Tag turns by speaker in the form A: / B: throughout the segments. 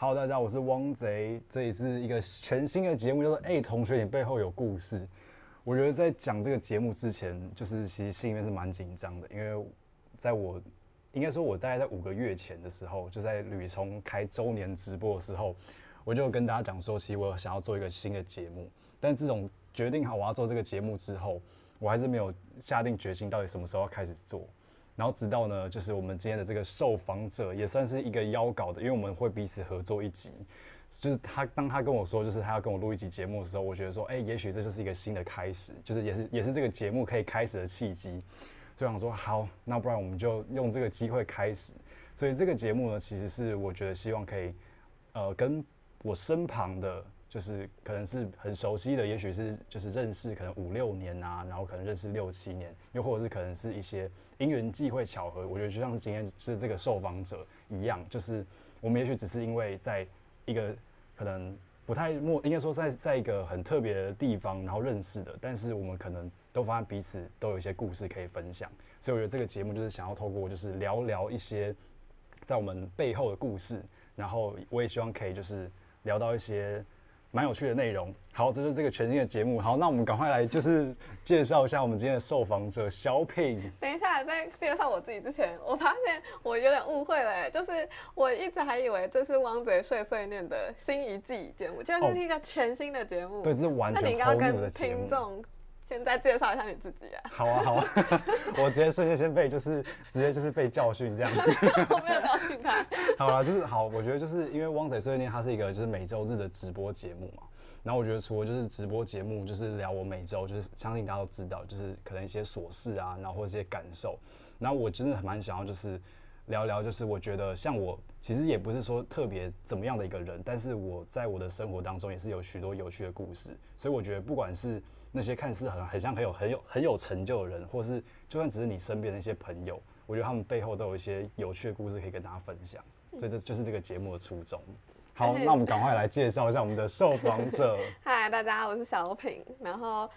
A: 哈囉，大家好。我是汪賊。這一次一個全新的節目，叫做《誒、欸、同學，你背後有故事》。我覺得在講這個節目之前，就是其實心裡面是蠻緊張的，因為在我應該說，我大概在五個月前的時候，就在呂聰開周年直播的時候，我就跟大家講說，其實我想要做一個新的節目。但這種決定好我要做這個節目之後，我還是沒有下定決心，到底什麼時候要開始做。然後直到呢，就是我們今天的這個受訪者也算是一個邀稿的，因為我們會彼此合作一集。就是他當他跟我說，就是他要跟我錄一集節目的時候，我覺得說，誒、欸，也許這就是一個新的開始，就是也是也是這個節目可以開始的契機。就想說，好，那不然我們就用這個機會開始。所以這個節目呢，其實是我覺得希望可以，呃，跟我身旁的。就是可能是很熟悉的，也許是就是認識可能五六年啊，然後可能認識六七年，又或者是可能是一些因緣際會巧合。我覺得就像是今天是這個受訪者一樣，就是我們也許只是因為在一個可能不太陌，應該說在在一個很特別的地方，然後認識的，但是我們可能都發現彼此都有一些故事可以分享。所以我覺得這個節目就是想要透過就是聊聊一些在我們背後的故事，然後我也希望可以就是聊到一些。蠻有趣的內容，好，這是這個全新的節目，好，那我們趕快來就是介紹一下我們今天的受訪者小品。
B: 等一下，在介紹我自己之前，我發現我有點誤會了，就是我一直還以為這是汪賊碎碎念的新一季節目，其、就、實是一個全新的節目，對，這是完全不同的節目。現在介
A: 紹一下你自己啊！好啊，好啊， 我直接瞬間先被就是直接就是被教訓這樣子。我沒有教訓他。好了、啊，就是好，我覺得就是因為《汪賊睡碎念》，它是一個就是每周日的直播節目嘛。然後我覺得除了就是直播節目，就是聊我每周就是相信大家都知道，就是可能一些瑣事啊，然後或者一些感受。然後我真的蠻想要就是聊聊，就是我覺得像我其實也不是說特別怎麼樣的一個人，但是我在我的生活當中也是有許多有趣的故事。所以我覺得不管是，那些看似很很像很有很有很有成就的人，或是就算只是你身邊的一些朋友，我覺得他們背後都有一些有趣的故事可以跟大家分享，嗯、所以這就是這個節目的初衷。好，是那我們趕快來介紹一下我們的受訪者。
B: 嗨， 大家，我是小品，然後。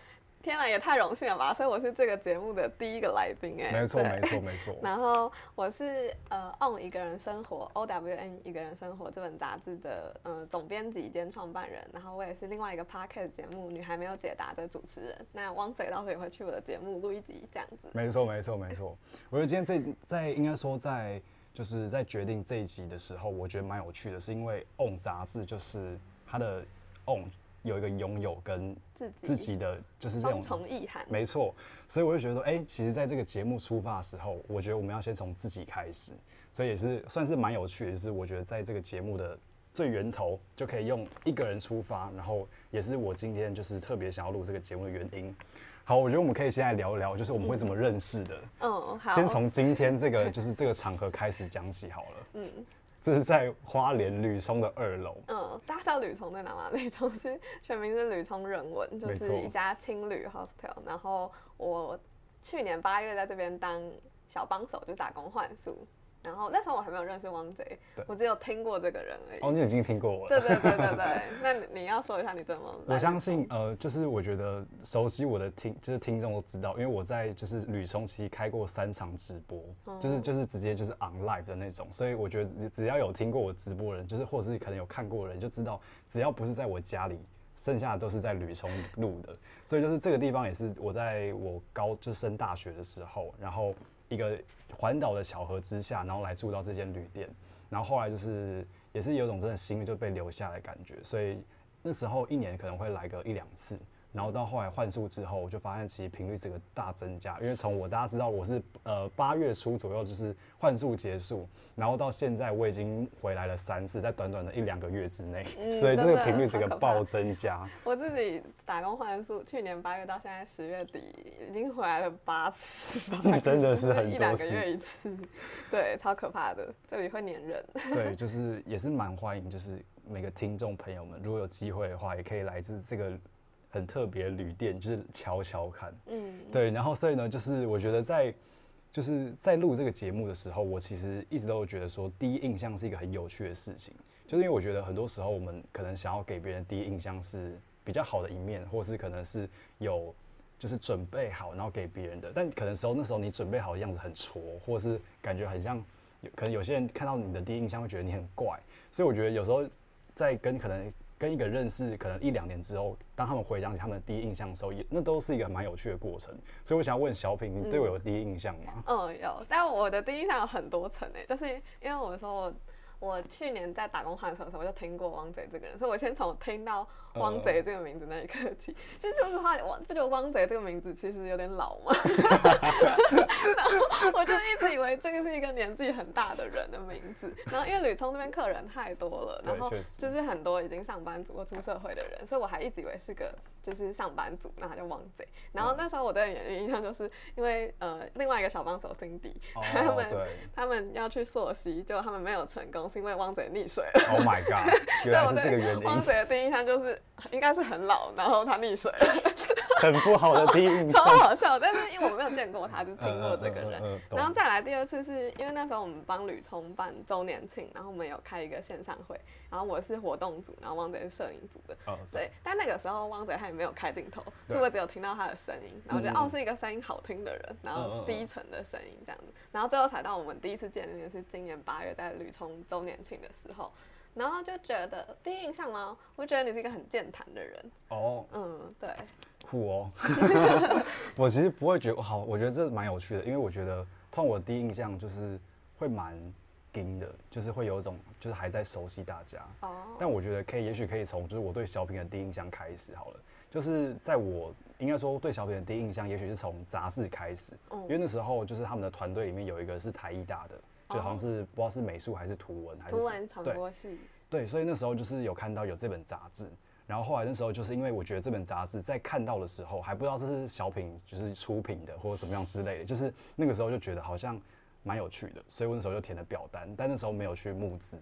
B: 天吶，也太榮幸了吧！所以我是這個節目的第一個來賓，欸，哎錯對，沒錯沒錯沒錯。然後我是呃《On 一個人生活》O W N 一個人生活這本雜誌的呃總編輯兼創辦人，然後我也是另外一個 Podcast 節目《女孩沒有解答》的主持人。那汪賊到時候也會去我的節目錄一集，這樣子。沒
A: 錯沒錯沒錯。 我覺得今天這在應該說在就是在決定這一集的時候，我覺得蠻有趣的，是因為《On》雜誌就是它的 On。有一個擁有跟自己的就是那種遺憾，沒錯，所以我就覺得說，哎，其實在這個節目出發的時候，我覺得我們要先從自己開始，所以也是算是蠻有趣的。就是我覺得在這個節目的最源頭就可以用一個人出發，然後也是我今天就是特別想要錄這個節目的原因。好，我覺得我們可以先來聊一聊，就是我們會怎麼認識的。
B: 嗯，好，先從
A: 今天這個就是這個場合開始講起好
B: 了。嗯。
A: 這是在花蓮旅沖的二樓。嗯，
B: 大家知道旅沖在哪嗎？旅沖是全名是旅沖人文，就是一家青旅 hostel 沒錯。然後我去年八月在這邊當小幫手，就打工換宿。然後那時候我還沒有認識汪賊，對我只有聽過這
A: 個人而已。哦，你已經聽過我了。對對對
B: 對對， 那你，你要說一下你對汪賊的？我
A: 相信呃，就是我覺得熟悉我的聽就是聽眾都知道，因為我在就是呂程期開過三場直播，就是就是直接就是 on live 的那種，所以我覺得只要有聽過我直播的人，就是或者是可能有看過的人就知道，只要不是在我家裡，剩下的都是在呂程錄的。所以就是這個地方也是我在我高就升大學的時候，然後一個。環島的巧合之下，然後來住到這間旅店，然後後來就是也是有種真的心就被留下來的感覺，所以那時候一年可能會來個一兩次。然後到後來換宿之後，我就發現其實頻率整個大增加，因為從我大家知道我是呃八月初左右就是換宿結束，然後到現在我已經回來了三次，在短短的一兩個月之內，嗯、所以這個頻率整個暴增加，嗯。
B: 我自己打工換宿，去年八月到現在十月底已經回來了八次，
A: 真的是很多是一兩個月
B: 一次，對，超可怕的，這裡會黏人。對，就
A: 是也是蠻歡迎，就是每個聽眾朋友們，如果有機會的話，也可以來自這個。很特別旅店，就是悄悄看，嗯，對，然後所以呢，就是我覺得在就是在錄這個節目的時候，我其實一直都有覺得說，第一印象是一個很有趣的事情，就是因為我覺得很多時候我們可能想要給別人第一印象是比較好的一面，或是可能是有就是準備好然後給別人的，但可能時候那時候你準備好的樣子很挫，或是感覺很像，可能有些人看到你的第一印象會覺得你很怪，所以我覺得有時候在跟可能。跟一個認識可能一兩年之後，當他們回想起他們的第一印象的時候也，也那都是一個蠻有趣的過程。所以我想要問小品，你對我有第一印象嗎？
B: 哦、嗯嗯，有。但我的第一印象有很多層誒、欸，就是因為我說我我去年在打工換的時候，我就聽過汪賊這個人，所以我先從聽到汪賊這個名字，那一刻起，呃、就說實話，我不覺得汪賊這個名字其實有點老嗎？ 然後我就一直以為這個是一個年紀很大的人的名字。然後因為呂聰那邊客人太多了，對然後就是很多已經上班族或出社會的人，實所以我還一直以為是個就是上班族，然後叫汪賊。然後那時候我對人的第一印象就是因為呃，另外一個小幫手 Cindy，、哦、他們、哦、他們要去溯溪，結果他們沒有成功，是因為汪賊溺水
A: 了。Oh my god！對，原來是這個原因。 我對汪賊
B: 的第一印象就是。應該是很老，然後他溺水
A: 了， 很不好的第一印象，超好
B: 笑。 但是因為我沒有見過他，就聽過這個人。嗯嗯嗯嗯嗯、然後再來第二次是，是因為那時候我們幫呂聰辦週年慶，然後我們有開一個線上會，然後我是活動組，然後汪賊是攝影組的，哦、所以但那個時候汪賊他也沒有開鏡頭，所以我只有聽到他的聲音，然後覺得、嗯、哦，是一個聲音好聽的人，然後是低沉的聲音這樣子，嗯嗯嗯、然後最後才到我們第一次見面、就是今年八月在呂聰週年慶的時候。然後就覺得第一印象嗎？我覺得你是一個很健談的人哦。Oh, 嗯，對。
A: 酷哦。 我其實不會覺得，好，我覺得這蠻有趣的，因為我覺得，通常我第一印象就是會蠻丁的，就是會有一種就是還在熟悉大家。哦。Oh. 但我覺得可以，也許可以從就是我對小品的第一印象開始好了。就是在我應該說對小品的第一印象，也許是從雜誌開始，oh. 因為那時候就是他們的團隊裡面有一個是台藝大的。就好像是不知道是美術還是圖文還是對對，所以那時候就是有看到有這本雜誌，然後後來那時候就是因為我覺得這本雜誌在看到的時候還不知道這是小品就是出品的或者什麼樣之類的，就是那個時候就覺得好像蠻有趣的，所以我那時候就填了表單，但那時候沒有去募資。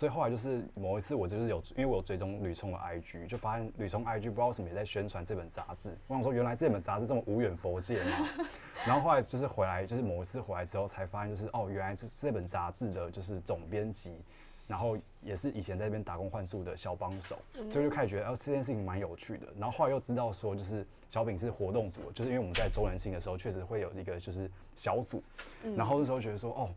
A: 所以後來就是某一次，我就是有因為我有追蹤呂聰的 IG，就發現呂聰 IG 不知道為什麼也在宣傳這本雜誌。我想說，原來這本雜誌這麼無遠弗屆嘛、啊。 然後後來就是回來，就是某一次回來之後，才發現就是哦，原來是這本雜誌的就是總編輯，然後也是以前在這邊打工換宿的小幫手。嗯嗯，所以就開始覺得哦、呃，這件事情蠻有趣的。然後後來又知道說，就是小品是活動組，就是因為我們在週年慶的時候確實會有一個就是小組，嗯、然後那時候覺得說哦。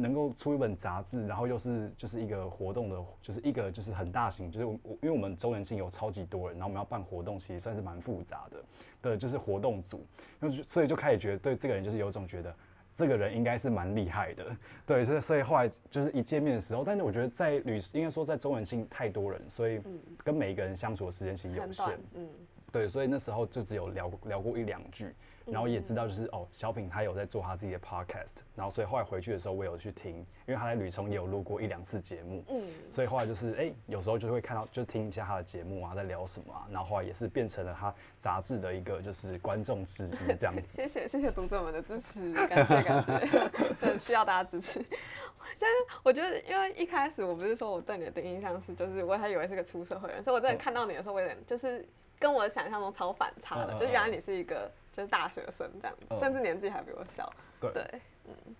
A: 能夠出一本雜誌，然後又是就是一個活動的，就是一個就是很大型，就是我因為我們週年慶有超級多人，然後我們要辦活動，其實算是蠻複雜的的，對，就是活動組，所以所以就開始覺得對這個人就是有一種覺得這個人應該是蠻厲害的，對，所以所以後來就是一見面的時候，但是我覺得在旅應該說在週年慶太多人，所以跟每一個人相處的時間其實有限，嗯，嗯對，所以那時候就只有聊聊過一兩句。然後也知道就是哦，小品他有在做他自己的 podcast，然後所以後來回去的時候我有去聽，因為他在旅程也有錄過一兩次節目，嗯，所以後來就是哎、欸，有時候就會看到就聽一下他的節目啊，在聊什麼啊，然後後來也是變成了他雜誌的一個就是觀眾之一這樣子。
B: 謝謝謝謝讀者們的支持，感謝感謝，對 需要大家支持。但是我覺得因為一開始我不是說我對你的印象是就是我還以為是個出社會人，所以我真的看到你的時候，我有點就是跟我的想象中超反差的，嗯、就原來你是一個。就是大學生這樣子，嗯、甚至年紀還
A: 比我小。對,對、嗯、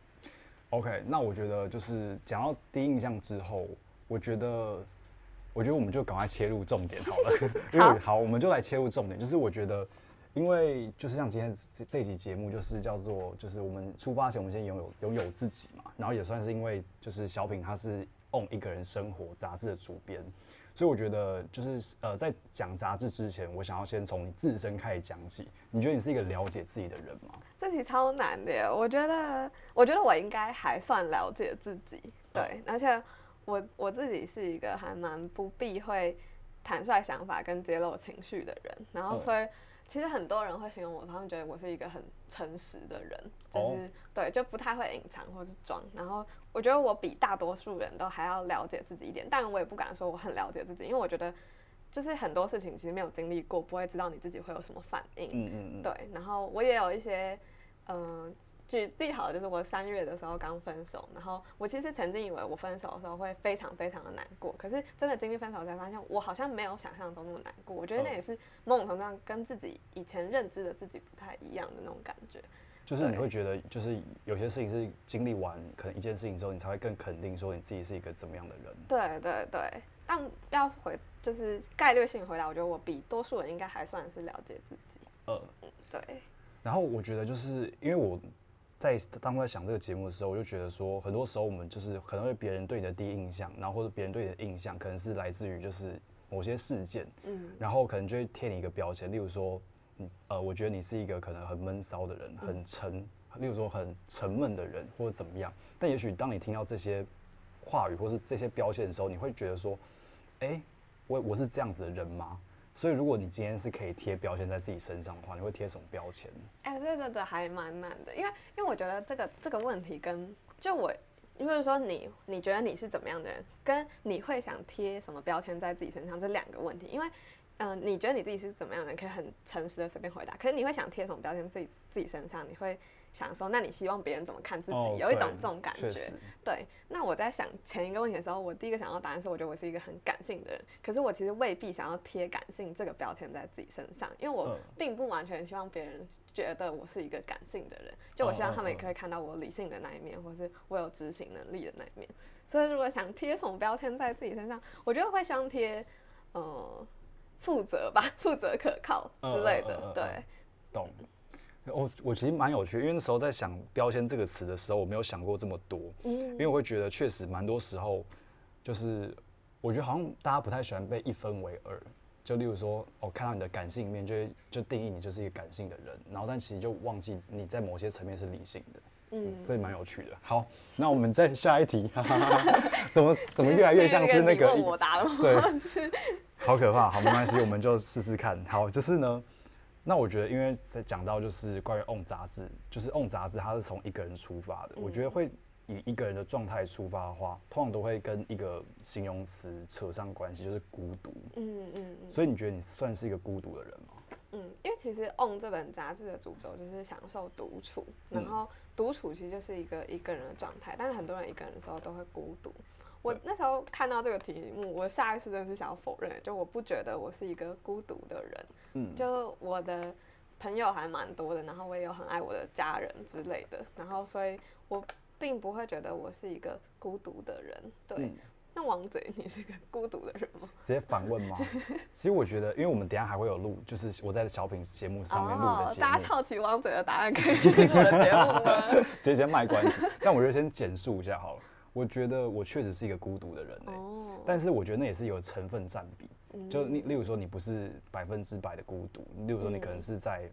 A: ，OK，那我覺得就是講到第一印象之後，我覺得，我覺得我們就趕快切入重點好了。 因為好，好，我們就來切入重點。就是我覺得，因為就是像今天這這集節目，就是叫做就是我們出發前，我們先擁有擁有自己嘛。然後也算是因為就是小品他是 Own 一個人生活雜誌的主編。所以我覺得，就是呃，在講雜誌之前，我想要先從你自身開始講起。你覺得你是一個了解自己的人嗎？
B: 這題超難的耶，我覺得，我覺得我應該還算了解自己。對，嗯，而且我我自己是一個還蠻不避諱坦率想法跟揭露情緒的人，然後所以。嗯其實很多人會形容我，他們覺得我是一個很誠實的人，就是、oh. 對，就不太會隱藏，或是裝。然後我覺得我比大多數人都還要了解自己一點，但我也不敢說我很了解自己，因為我覺得就是很多事情其實沒有經歷過，不會知道你自己會有什麼反應。嗯嗯、mm hmm. 對。然後我也有一些，嗯、呃。舉例好，就是我三月的時候剛分手，然後我其實曾經以為我分手的時候會非常非常的難過，可是真的經歷分手才發現，我好像沒有想象中那麼難過。我覺得那也是某種程度上跟自己以前認知的自己不太一樣的那種感覺。
A: 呃、就是你會覺得，就是有些事情是經歷完可能一件事情之後，你才會更肯定說你自己是一個怎麼樣的人。
B: 對對對，但要回就是概率性回答，我覺得我比多數人應該還算是了解自己。呃，對。
A: 然後我覺得就是因為我。在當初在想這個節目的時候，我就覺得說，很多時候我們就是可能會別人對你的第一印象，然後或者別人對你的印象，可能是來自於就是某些事件，嗯，然後可能就會貼你一個標籤，例如說，嗯，呃，我覺得你是一個可能很悶騷的人，很沉，例如說很沉悶的人或者怎麼樣。但也許當你聽到這些話語或是這些標籤的時候，你會覺得說，哎、欸，我我是這樣子的人嗎？所以，如果你今天是可以貼標籤在自己身上的話，你會貼什麼標籤？
B: 哎、欸，對對對，還蠻難的，因為因為我覺得這個這個問題跟就我，就是說你你覺得你是怎麼樣的人，跟你會想貼什麼標籤在自己身上這兩個問題，因為嗯、呃，你覺得你自己是怎麼樣的人，可以很誠實的隨便回答，可是你會想貼什麼標籤自己自己身上，你會。想說，那你希望別人怎麼看自己？Oh, 有一種對這種感覺。實對，那我在想前一個問題的時候，我第一個想到答案是，我覺得我是一個很感性的人。可是我其實未必想要貼“感性”這個標籤在自己身上，因為我並不完全希望別人覺得我是一個感性的人。就我希望他們也可以看到我理性的那一面，oh, uh, uh, uh. 或是我有執行能力的那一面。所以如果想貼什麼標籤在自己身上，我覺得會希望貼嗯，負責吧，負責可靠之類的。Uh, uh, uh, uh, uh. 對，
A: 懂。我、哦、我其實蠻有趣，因為那時候在想“標籤”這個詞的時候，我沒有想過這麼多。嗯，因為我會覺得，確實蠻多時候，就是我覺得好像大家不太喜歡被一分為二。就例如說，我、哦、看到你的感性裡面，就會就定義你就是一個感性的人，然後但其實就忘記你在某些層面是理性的。嗯，這蠻、嗯、有趣的。好，那我們再下一題。嗯、哈哈怎麼怎麼越來越像是那個我
B: 答、嗯、對，
A: 好可怕。好，沒關係，我們就試試看。好，就是呢。那我覺得，因為在講到就是關於《own》雜誌，就是《own》雜誌，它是從一個人出發的。嗯、我覺得會以一個人的狀態出發的話，通常都會跟一個形容詞扯上關係，就是孤獨、嗯。嗯嗯。所以你覺得你算是一個孤獨的人嗎？嗯，
B: 因為其實《own》這本雜誌的主軸就是享受獨處，然後獨處其實就是一個一個人的狀態，但是很多人一個人的時候都會孤獨。對我那時候看到這個題目，我下意識真的是想要否認，就我不覺得我是一個孤獨的人，嗯，就我的朋友還蠻多的，然後我也有很愛我的家人之類的，然後所以，我並不會覺得我是一個孤獨的人。
A: 對，
B: 嗯、那汪賊，你是個孤獨的人嗎？
A: 直接反問嗎？ 其實我覺得，因為我們等一下還會有錄，就是我在小品節目上面錄的節目，oh, oh, 大家
B: 好奇汪賊的答案可以去聽我的節
A: 目嗎。 直接先賣關子， 但我覺得先簡述一下好了。我覺得我確實是一個孤獨的人哎、欸，Oh. 但是我覺得那也是有成分佔比。Mm. 就你例如說，你不是百分之百的孤獨，例如說你可能是在、mm.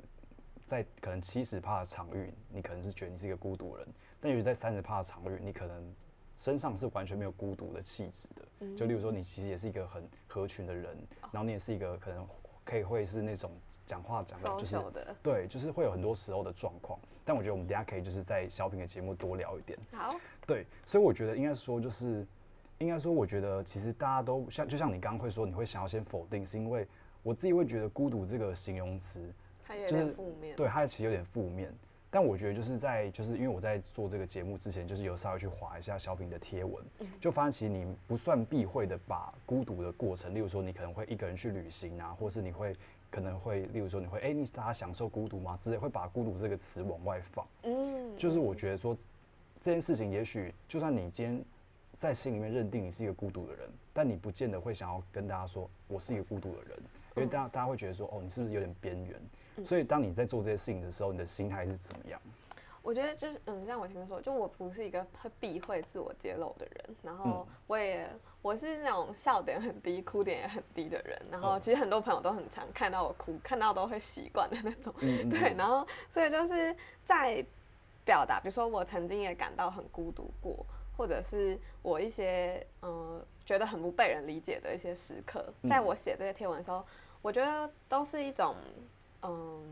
A: 在可能七十趴的場域，你可能是覺得你是一個孤獨人，但也在三十趴的場域，你可能身上是完全沒有孤獨的氣質的。Mm. 就例如說，你其實也是一個很合群的人，然後你也是一個可能。可以會是那種講話講到就是對，就是會有很多時候的狀況。但我覺得我們等下可以就是在小品的節目多聊一點。好，對，所以我覺得應該說就是，應該說我覺得其實大家都像就像，你剛剛會說你會想要先否定，是因為我自己會覺得孤獨這個形容詞，它有點負面，對，它其實有點負面。但我覺得就是在就是因為我在做這個節目之前，就是有稍微去滑一下小品的貼文，嗯、就發現其實你不算避諱的把孤獨的過程，例如說你可能會一個人去旅行啊，或是你會可能會例如說你會哎、欸、你大家享受孤獨嗎？只是會把孤獨這個詞往外放。嗯，就是我覺得說這件事情，也許就算你今天在心裡面認定你是一個孤獨的人，但你不見得會想要跟大家說我是一個孤獨的人。因為大大家會覺得說，哦，你是不是有點邊緣？嗯、所以當你在做這些事情的時候，你的心態是怎麼樣？
B: 我覺得就是，嗯，像我前面說，就我不是一個會避諱自我揭露的人，然後我也、嗯、我是那種笑點很低、哭點也很低的人。然後其實很多朋友都很常看到我哭，看到都會習慣的那種。嗯、對，然後所以就是在表達，比如說我曾經也感到很孤獨過，或者是我一些嗯、呃、覺得很不被人理解的一些時刻，在我寫這些貼文的時候。我覺得都是一種，嗯，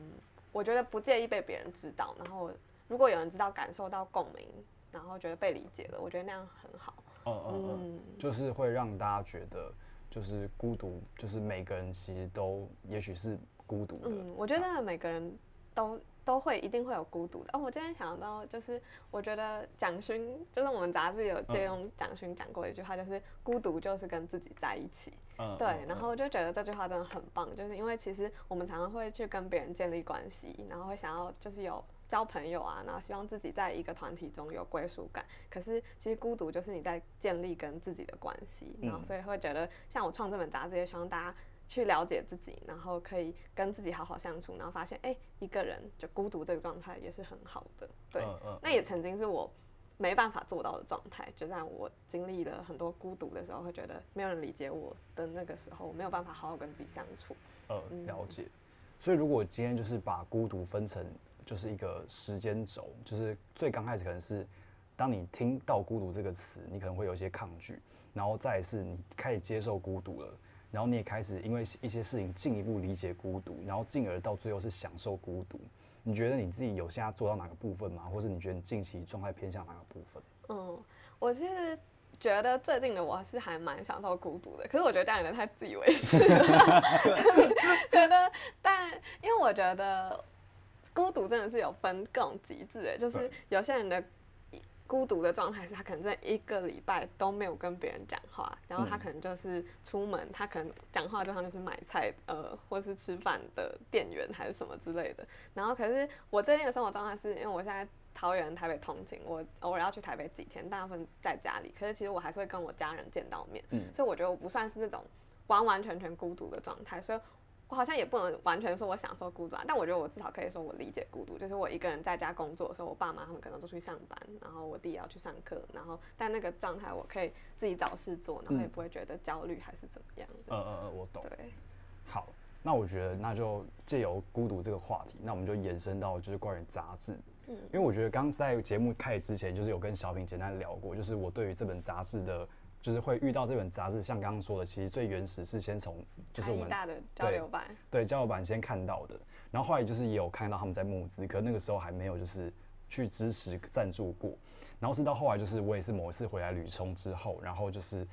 B: 我覺得不介意被別人知道。然後，如果有人知道，感受到共鳴，然後覺得被理解了，我覺得那樣很好。嗯
A: 嗯嗯，嗯就是會讓大家覺得，就是孤獨，就是每個人其實都，也許是孤獨的。
B: 嗯，我覺得每個人都都會一定會有孤獨的。哦，我今天想到，就是我覺得蔣勳，就是我們雜誌有借用蔣勳講過一句話，就是、嗯、孤獨就是跟自己在一起。嗯、對，然後我就覺得這句話真的很棒，就是因為其實我們常常會去跟別人建立關係，然後會想要就是有交朋友啊，然後希望自己在一個團體中有歸屬感。可是其實孤獨就是你在建立跟自己的關係，然後所以會覺得像我創這本雜誌也希望大家去了解自己，然後可以跟自己好好相處，然後發現哎、欸、一個人就孤獨這個狀態也是很好的。對，嗯、那也曾經是我，沒辦法做到的狀態，就讓我經歷了很多孤獨的時候，會覺得沒有人理解我的那個時候，我沒有辦法好好跟自己相處。呃，了
A: 解。嗯。所以如果今天就是把孤獨分成，就是一個時間軸，就是最剛開始可能是當你聽到孤獨這個詞，你可能會有一些抗拒，然後再是你開始接受孤獨了，然後你也開始因為一些事情進一步理解孤獨，然後進而到最後是享受孤獨。你覺得你自己有現在做到哪個部分嗎？或是你覺得你近期狀態偏向哪個部分？
B: 嗯，我其實覺得最近的我是還蠻享受孤獨的，可是我覺得家裡人太自以為是了。覺得，但因為我覺得孤獨真的是有分更極致的，就是有些人的。孤獨的狀態是他可能這一個禮拜都沒有跟別人講話，然後他可能就是出門，嗯、他可能講話的地方就是買菜呃或是吃飯的店員還是什麼之類的。然後可是我最近的生活狀態是因為我現在桃園台北通勤，我偶爾要去台北幾天，大部分在家裡，可是其實我還是會跟我家人見到面，嗯、所以我覺得我不算是那種完完全全孤獨的狀態，所以。我好像也不能完全說我享受孤獨啊，但我覺得我至少可以說我理解孤獨，就是我一個人在家工作的時候，我爸媽他們可能都都去上班，然後我弟也要去上課，然後但那個狀態我可以自己找事做，然後也不會覺得焦慮還是怎麼樣。嗯，
A: 這樣，呃呃呃，我懂。對，好，那我覺得那就借由孤獨這個話題，那我們就延伸到就是關於雜誌，嗯，因為我覺得剛在節目開始之前就是有跟小品簡單聊過，就是我對於這本雜誌的。就是會遇到這本雜誌，像剛剛說的，其實最原始是先從就是我們大的
B: 交流版，
A: 對，交流版先看到的，然後後來就是也有看到他們在募資，可是那個時候還沒有就是去支持贊助過，然後是到後來就是我也是某一次回來旅程之後，然後就是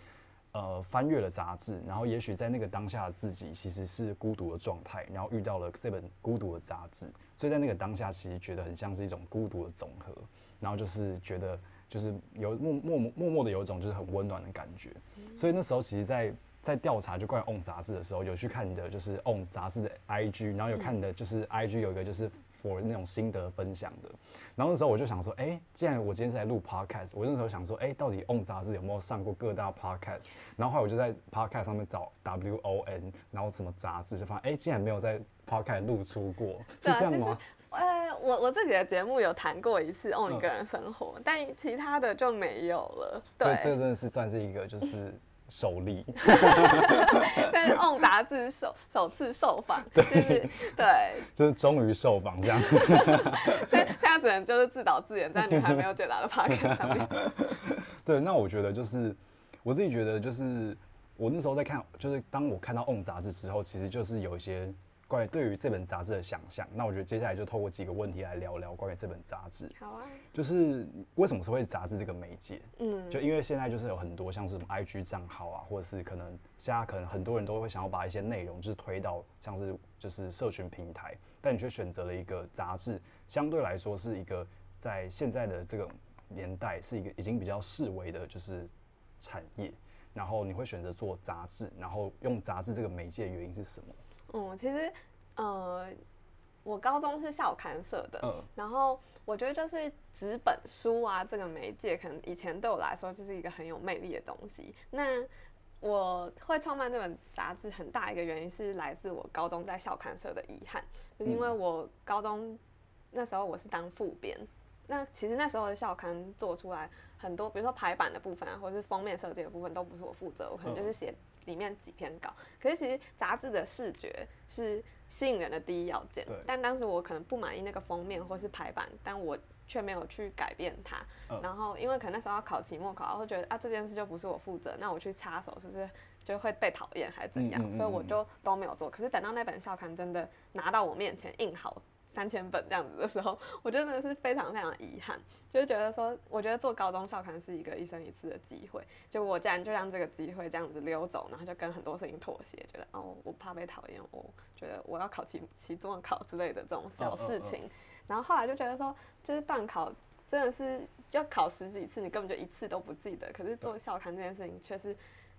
A: 呃翻閱了雜誌，然後也許在那個當下的自己其實是孤獨的狀態，然後遇到了這本孤獨的雜誌，所以在那個當下其實覺得很像是一種孤獨的總和，然後就是覺得。就是有默默默默的有一種就是很溫暖的感覺，所以那時候其實，在在調查就關於 Own 雜誌的時候，有去看的就是 Own 雜誌的 IG，然後有看的就是 IG 有一個就是。for 那種心得分享的，然後那時候我就想說，哎、欸，既然我今天是在錄 podcast，我那時候想說，哎、欸，到底 own 雜誌有沒有上過各大 podcast？然後後來我就在 podcast 上面找 own，然後什麼雜誌就發現，哎、欸，竟然沒有在 podcast 露出過，嗯、是這樣嗎？呃、
B: 我我自己的節目有談過一次 own 一個人生活，嗯嗯、但其他的就沒有了。對，所以這真
A: 的是算是一個就是。 首例， 但
B: 是《Own》雜誌首首次受訪，對對，就
A: 是終於受訪這樣，
B: 所以現在只能就是自導自演在女孩沒有解答的 park 上面
A: 對，那我覺得就是我自己覺得就是我那時候在看，就是當我看到《Own》雜誌之後，其實就是有一些。關於對於這本雜誌的想象，那我覺得接下來就透過幾個問題來聊聊關於這本雜誌。好啊，就是為什麼是會雜誌這個媒介？嗯，就因為現在就是有很多像是 IG 賬號啊，或者是可能現在可能很多人都會想要把一些內容就是推到像是就是社群平台，但你卻選擇了一個雜誌，相對來說是一個在現在的這個年代是一個已經比較式微的就是產業，然後你會選擇做雜誌，然後用雜誌這個媒介的原因是什麼？
B: 嗯，其實，呃，我高中是校刊社的，嗯、然後我覺得就是紙本書啊這個媒介，可能以前對我來說就是一個很有魅力的東西。那我會創辦這本雜誌，很大一個原因是來自我高中在校刊社的遺憾，就是因為我高中那時候我是當副編，嗯、那其實那時候的校刊做出來很多，比如說排版的部分啊，或者是封面設計的部分，都不是我負責，我可能就是寫。裡面幾篇稿，可是其實雜誌的視覺是吸引人的第一要件。對但當時我可能不滿意那個封面或是排版，但我卻沒有去改變它。哦、然後因為可能那時候要考期末考，然後會覺得啊這件事就不是我負責，那我去插手是不是就會被討厭還是怎樣？嗯嗯嗯嗯，所以我就都沒有做。可是等到那本校刊真的拿到我面前印好，三千本這樣子的時候，我真的是非常非常遺憾，就是覺得說，我覺得做高中校刊是一個一生一次的機會，就我竟然就讓這個機會這樣子溜走，然後就跟很多事情妥協，覺得哦，我怕被討厭，我覺得我要考期期中考之類的這種小事情，oh, oh, oh. 然後後來就覺得說，就是段考真的是要考十幾次，你根本就一次都不記得，可是做校刊這件事情卻是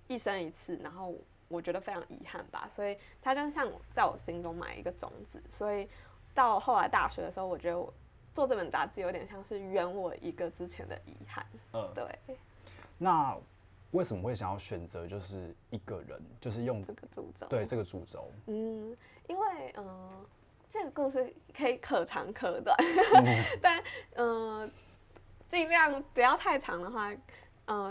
B: 一生一次，然後我覺得非常遺憾吧，所以它就像在我心中埋一個種子，所以。到後來大學的時候，我覺得我做這本雜誌有點像是圓我一個之前的
A: 遺憾。嗯，對。那為什麼會想要選擇就是一個人，就是用、嗯、這個主軸？對，這個主軸。嗯，
B: 因為嗯、呃，這個故事可以可長可短，但嗯，盡、 呃、量不要太長的話，嗯、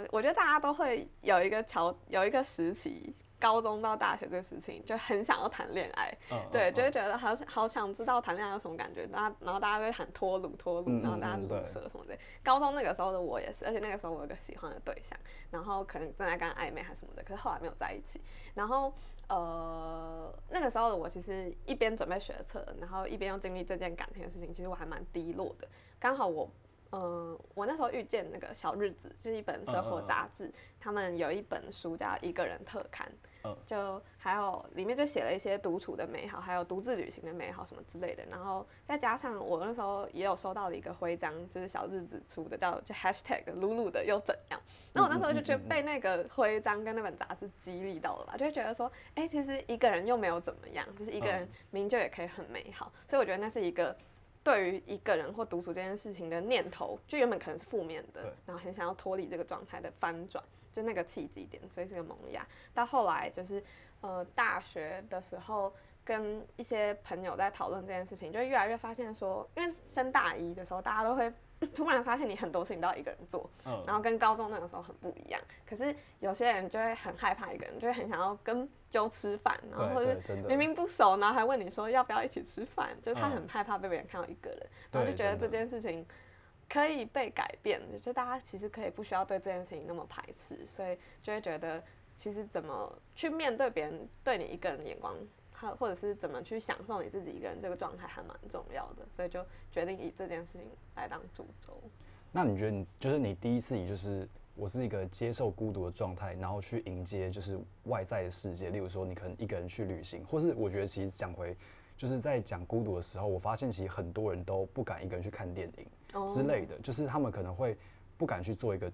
B: 呃，我覺得大家都會有一個橋，有一個時期。高中到大學這個事情，就很想要談戀愛，哦、對，哦、就會覺得好好想知道談戀愛有什麼感覺。大、哦、然後大家會喊脫魯脫魯，嗯、然後大家宿舍什麼的。嗯、對，高中那個時候的我也是，而且那個時候我有個喜歡的對象，然後可能正在跟曖昧還什麼的，可是後來沒有在一起。然後呃，那個時候的我其實一邊準備學測，然後一邊又經歷這件感情的事情，其實我還蠻低落的。剛好我。嗯、呃，我那時候遇見那個小日子，就是一本生活雜誌，oh, oh, oh, oh. 他們有一本書叫《一個人特刊》，oh. 就還有裡面就寫了一些獨處的美好，還有獨自旅行的美好什麼之類的。然後再加上我那時候也有收到了一個徽章，就是小日子出的,的，叫就 #Lulu 的又怎樣。那我那時候就覺得被那個徽章跟那本雜志激勵到了吧，就會覺得說，哎、欸，其實一個人又沒有怎麼樣，就是一個人，名就也可以很美好。Oh. 所以我覺得那是一個。對於一個人或獨處這件事情的念頭，就原本可能是負面的，對然後很想要脫離這個狀態的翻轉，就那個契機點，所以是個萌芽。到後來就是，呃，大學的時候跟一些朋友在討論這件事情，就越來越發現說，因為升大一的時候大家都會。突然發現你很多事情都要一個人做，然後跟高中那個時候很不一樣。嗯，可是有些人就會很害怕一個人，就會很想要跟揪吃飯，然後或者明明不熟，然後還問你說要不要一起吃飯，就他很害怕被別人看到一個人，然後就覺得這件事情可以被改變，就大家其實可以不需要對這件事情那麼排斥，所以就會覺得其實怎麼去面對別人對你一個人的眼光，或者是怎麼去享受你自己一個人這個狀態還蠻重要的，所以就決定以這件事情來當主軸。
A: 那你覺得你，就是你第一次以就是我是一個接受孤獨的狀態，然後去迎接就是外在的世界，例如說你可能一個人去旅行，或是我覺得其實講回就是在講孤獨的時候，我發現其實很多人都不敢一個人去看電影之類的，oh. 就是他們可能會不敢去做一個。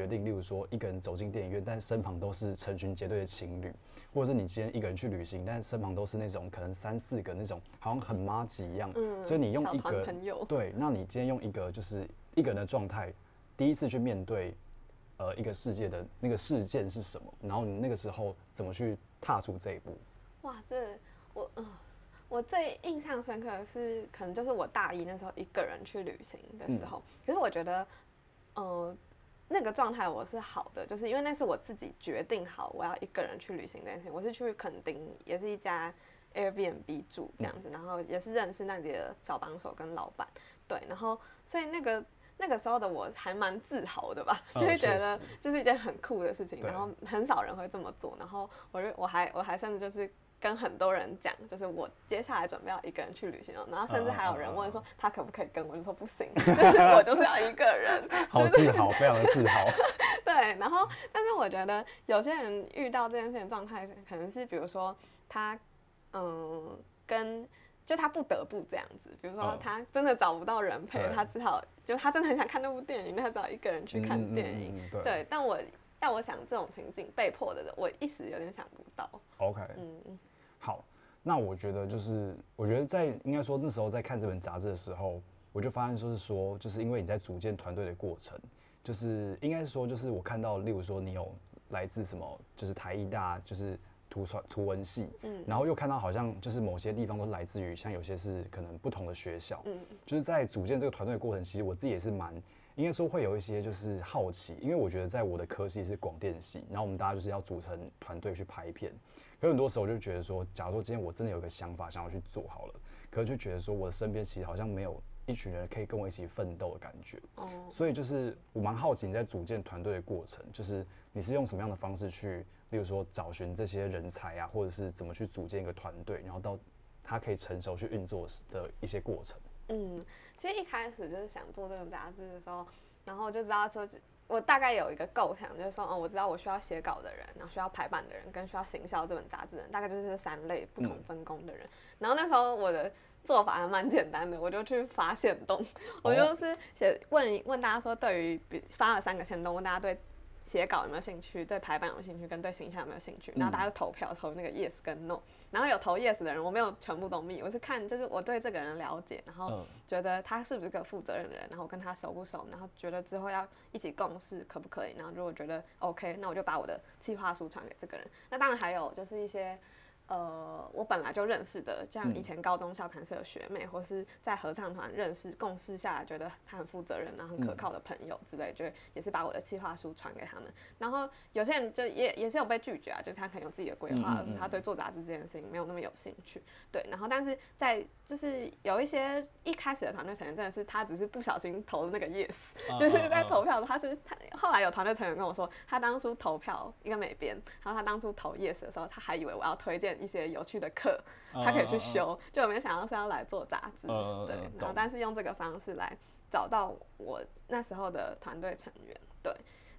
A: 決定，例如說，一個人走進電影院，但身旁都是成群結隊的情侶，或者是你今天一個人去旅行，但是身旁都是那種可能三四個那種好像很麻吉一樣。嗯。所以你用一個朋友對，那你今天用一個就是一個人的狀態，第一次去面對，呃，一個世界的那個事件是什麼？然後你那個時候怎麼去踏出這一步？
B: 哇，這我、呃、我最印象深刻的是可能就是我大一那時候一個人去旅行的時候，嗯、可是我覺得，呃。那個狀態我是好的，就是因為那是我自己決定好，我要一個人去旅行這件事情。我是去墾丁，也是一家 Airbnb 住這樣子，然後也是認識那裡的小幫手跟老板，對，然後所以那個那個時候的我還蠻自豪的吧，就會覺得就是一件很酷的事情，然後很少人會這麼做，然後我就我還我還甚至就是。跟很多人講，就是我接下來準備要一個人去旅行了，然後甚至還有人問說他可不可以跟，我就說不行， 就是我就是要一個人，是是好自
A: 豪，非常的自豪。
B: 對，然後但是我覺得有些人遇到這件事情的狀態，可能是比如說他嗯跟就他不得不這樣子，比如說他真的找不到人陪，嗯、他只好就他真的很想看那部電影，他只好一個人去看電影。嗯嗯、對，對，但我要我想這種情境被迫的，我一時有點想不
A: 到。OK，嗯。好，那我覺得就是，我覺得在應該說那時候在看這本雜誌的時候，我就發現說是說，就是因為你在組建團隊的過程，就是應該是說，就是我看到，例如說你有來自什麼，就是台藝大，就是圖傳圖文系，嗯，然後又看到好像就是某些地方都來自於像有些是可能不同的學校，嗯，就是在組建這個團隊的過程，其實我自己也是蠻。應該說會有一些就是好奇，因為我覺得在我的科系是廣電系，然後我們大家就是要組成團隊去拍片。可很多時候我就覺得說，假如說今天我真的有一個想法想要去做好了，可是就覺得說我的身邊其實好像沒有一群人可以跟我一起奮鬥的感覺。哦。所以就是我蠻好奇你在組建團隊的過程，就是你是用什麼樣的方式去，例如說找尋這些人才啊，或者是怎麼去組建一個團隊，然後到他可以成熟去運作的一些過程。
B: 嗯，其實一開始就是想做這本雜誌的時候，然後就知道說，我大概有一個構想，就是說，哦，我知道我需要寫稿的人，然後需要排版的人，跟需要行銷這本雜誌的人，大概就是這三類不同分工的人。嗯、然後那時候我的做法還蠻簡單的，我就去發限動，哦、我就是寫，問問大家說，對於發了三個限動，問大家對。寫稿有沒有興趣？對排版有，有興趣，跟對形象有沒有興趣？然後大家就投票、嗯、投那個 yes 跟 no。然後有投 yes 的人，我沒有全部都 meet，我是看就是我對這個人了解，然後覺得他是不是個負責任的人，然後跟他熟不熟，然後覺得之後要一起共事可不可以？然後如果覺得 OK，那我就把我的計劃書傳給這個人。那當然還有就是一些。呃，我本來就認識的，像以前高中校刊社的學妹，嗯、或是在合唱團認識，共事下來覺得他很負責任，然後很可靠的朋友之類，嗯、就也是把我的企劃書傳給他們。然後有些人就也也是有被拒絕啊，就是他可能有自己的規劃，嗯嗯，他對做雜誌這件事情沒有那麼有興趣。對，然後但是在就是有一些一開始的團隊成員真的是他只是不小心投的那個 yes、啊、 就是在投票的時候，他是，是他後來有團隊成員跟我說，他當初投票一個美編，然後他當初投 yes 的時候，他還以為我要推薦。一些有趣的課，他可以去修。Uh, uh, uh, 就我沒有想到是要來做雜誌，uh, uh, 對。然後，但是用這個方式來找到我那時候的團隊成員，對。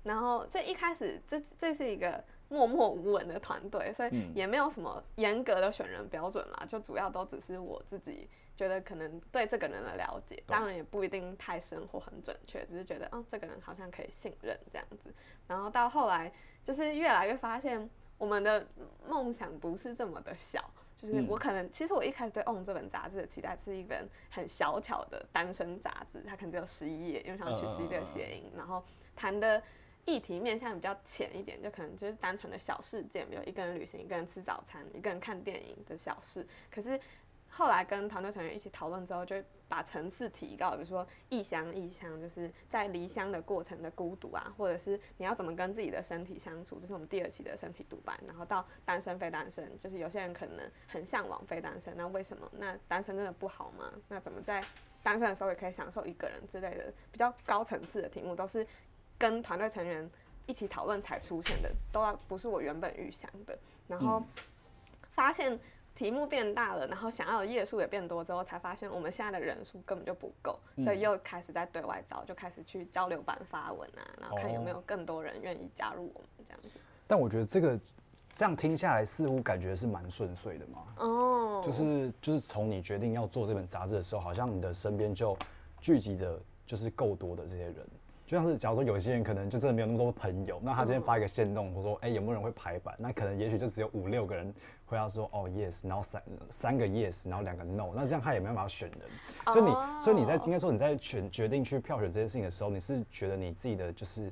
B: 然後，這一開始這這是一個默默無聞的團隊，所以也沒有什麼嚴格的選人標準嘛，嗯、就主要都只是我自己覺得可能對這個人的了解，uh, 當然也不一定太深或很準確，只是覺得，嗯、哦，這個人好像可以信任這樣子。然後到後來，就是越來越發現。我們的夢想不是這麼的小，就是我可能、嗯、其實我一開始對《Own》這本雜誌的期待是一本很小巧的單身雜誌，它可能只有十一頁，因為想去 C 這個諧音，啊啊啊啊然後談的議題面向比較淺一點，就可能就是單純的小事件，比如一個人旅行、一個人吃早餐、一個人看電影的小事，可是。後來跟團隊成員一起討論之後，就把層次提高，比如說異鄉異鄉，就是在離鄉的過程的孤獨啊，或者是你要怎麼跟自己的身體相處，這是我們第二期的身體獨白。然後到單身非單身，就是有些人可能很向往非單身，那為什麼？那單身真的不好嗎？那怎麼在單身的時候也可以享受一個人之類的，比較高層次的題目都是跟團隊成員一起討論才出現的，都不是我原本預想的。然後發現。題目變大了，然後想要的頁數也變多之後，才發現我們現在的人數根本就不夠，嗯、所以又開始在對外招，就開始去交流版發
A: 文啊，然後看有沒有
B: 更多人願意加入我們這樣
A: 子。但我覺得這個這樣聽下來，似乎感覺是蠻順遂的嘛。
B: 哦、就是，就是
A: 就是從你決定要做這本雜誌的時候，好像你的身邊就聚集着就是夠多的這些人。就像是假如說有些人可能就真的沒有那麼多朋友，那他今天發一個限動，或說哎、欸、有沒有人會排版？那可能也許就只有五六個人。不要說哦，oh，yes，然後三三個 yes，然後兩個 no，那這樣他也沒有辦法選人。所以你，所以你在應該說你在選決定去票選這件事情的時候，你是覺得你自己的就是，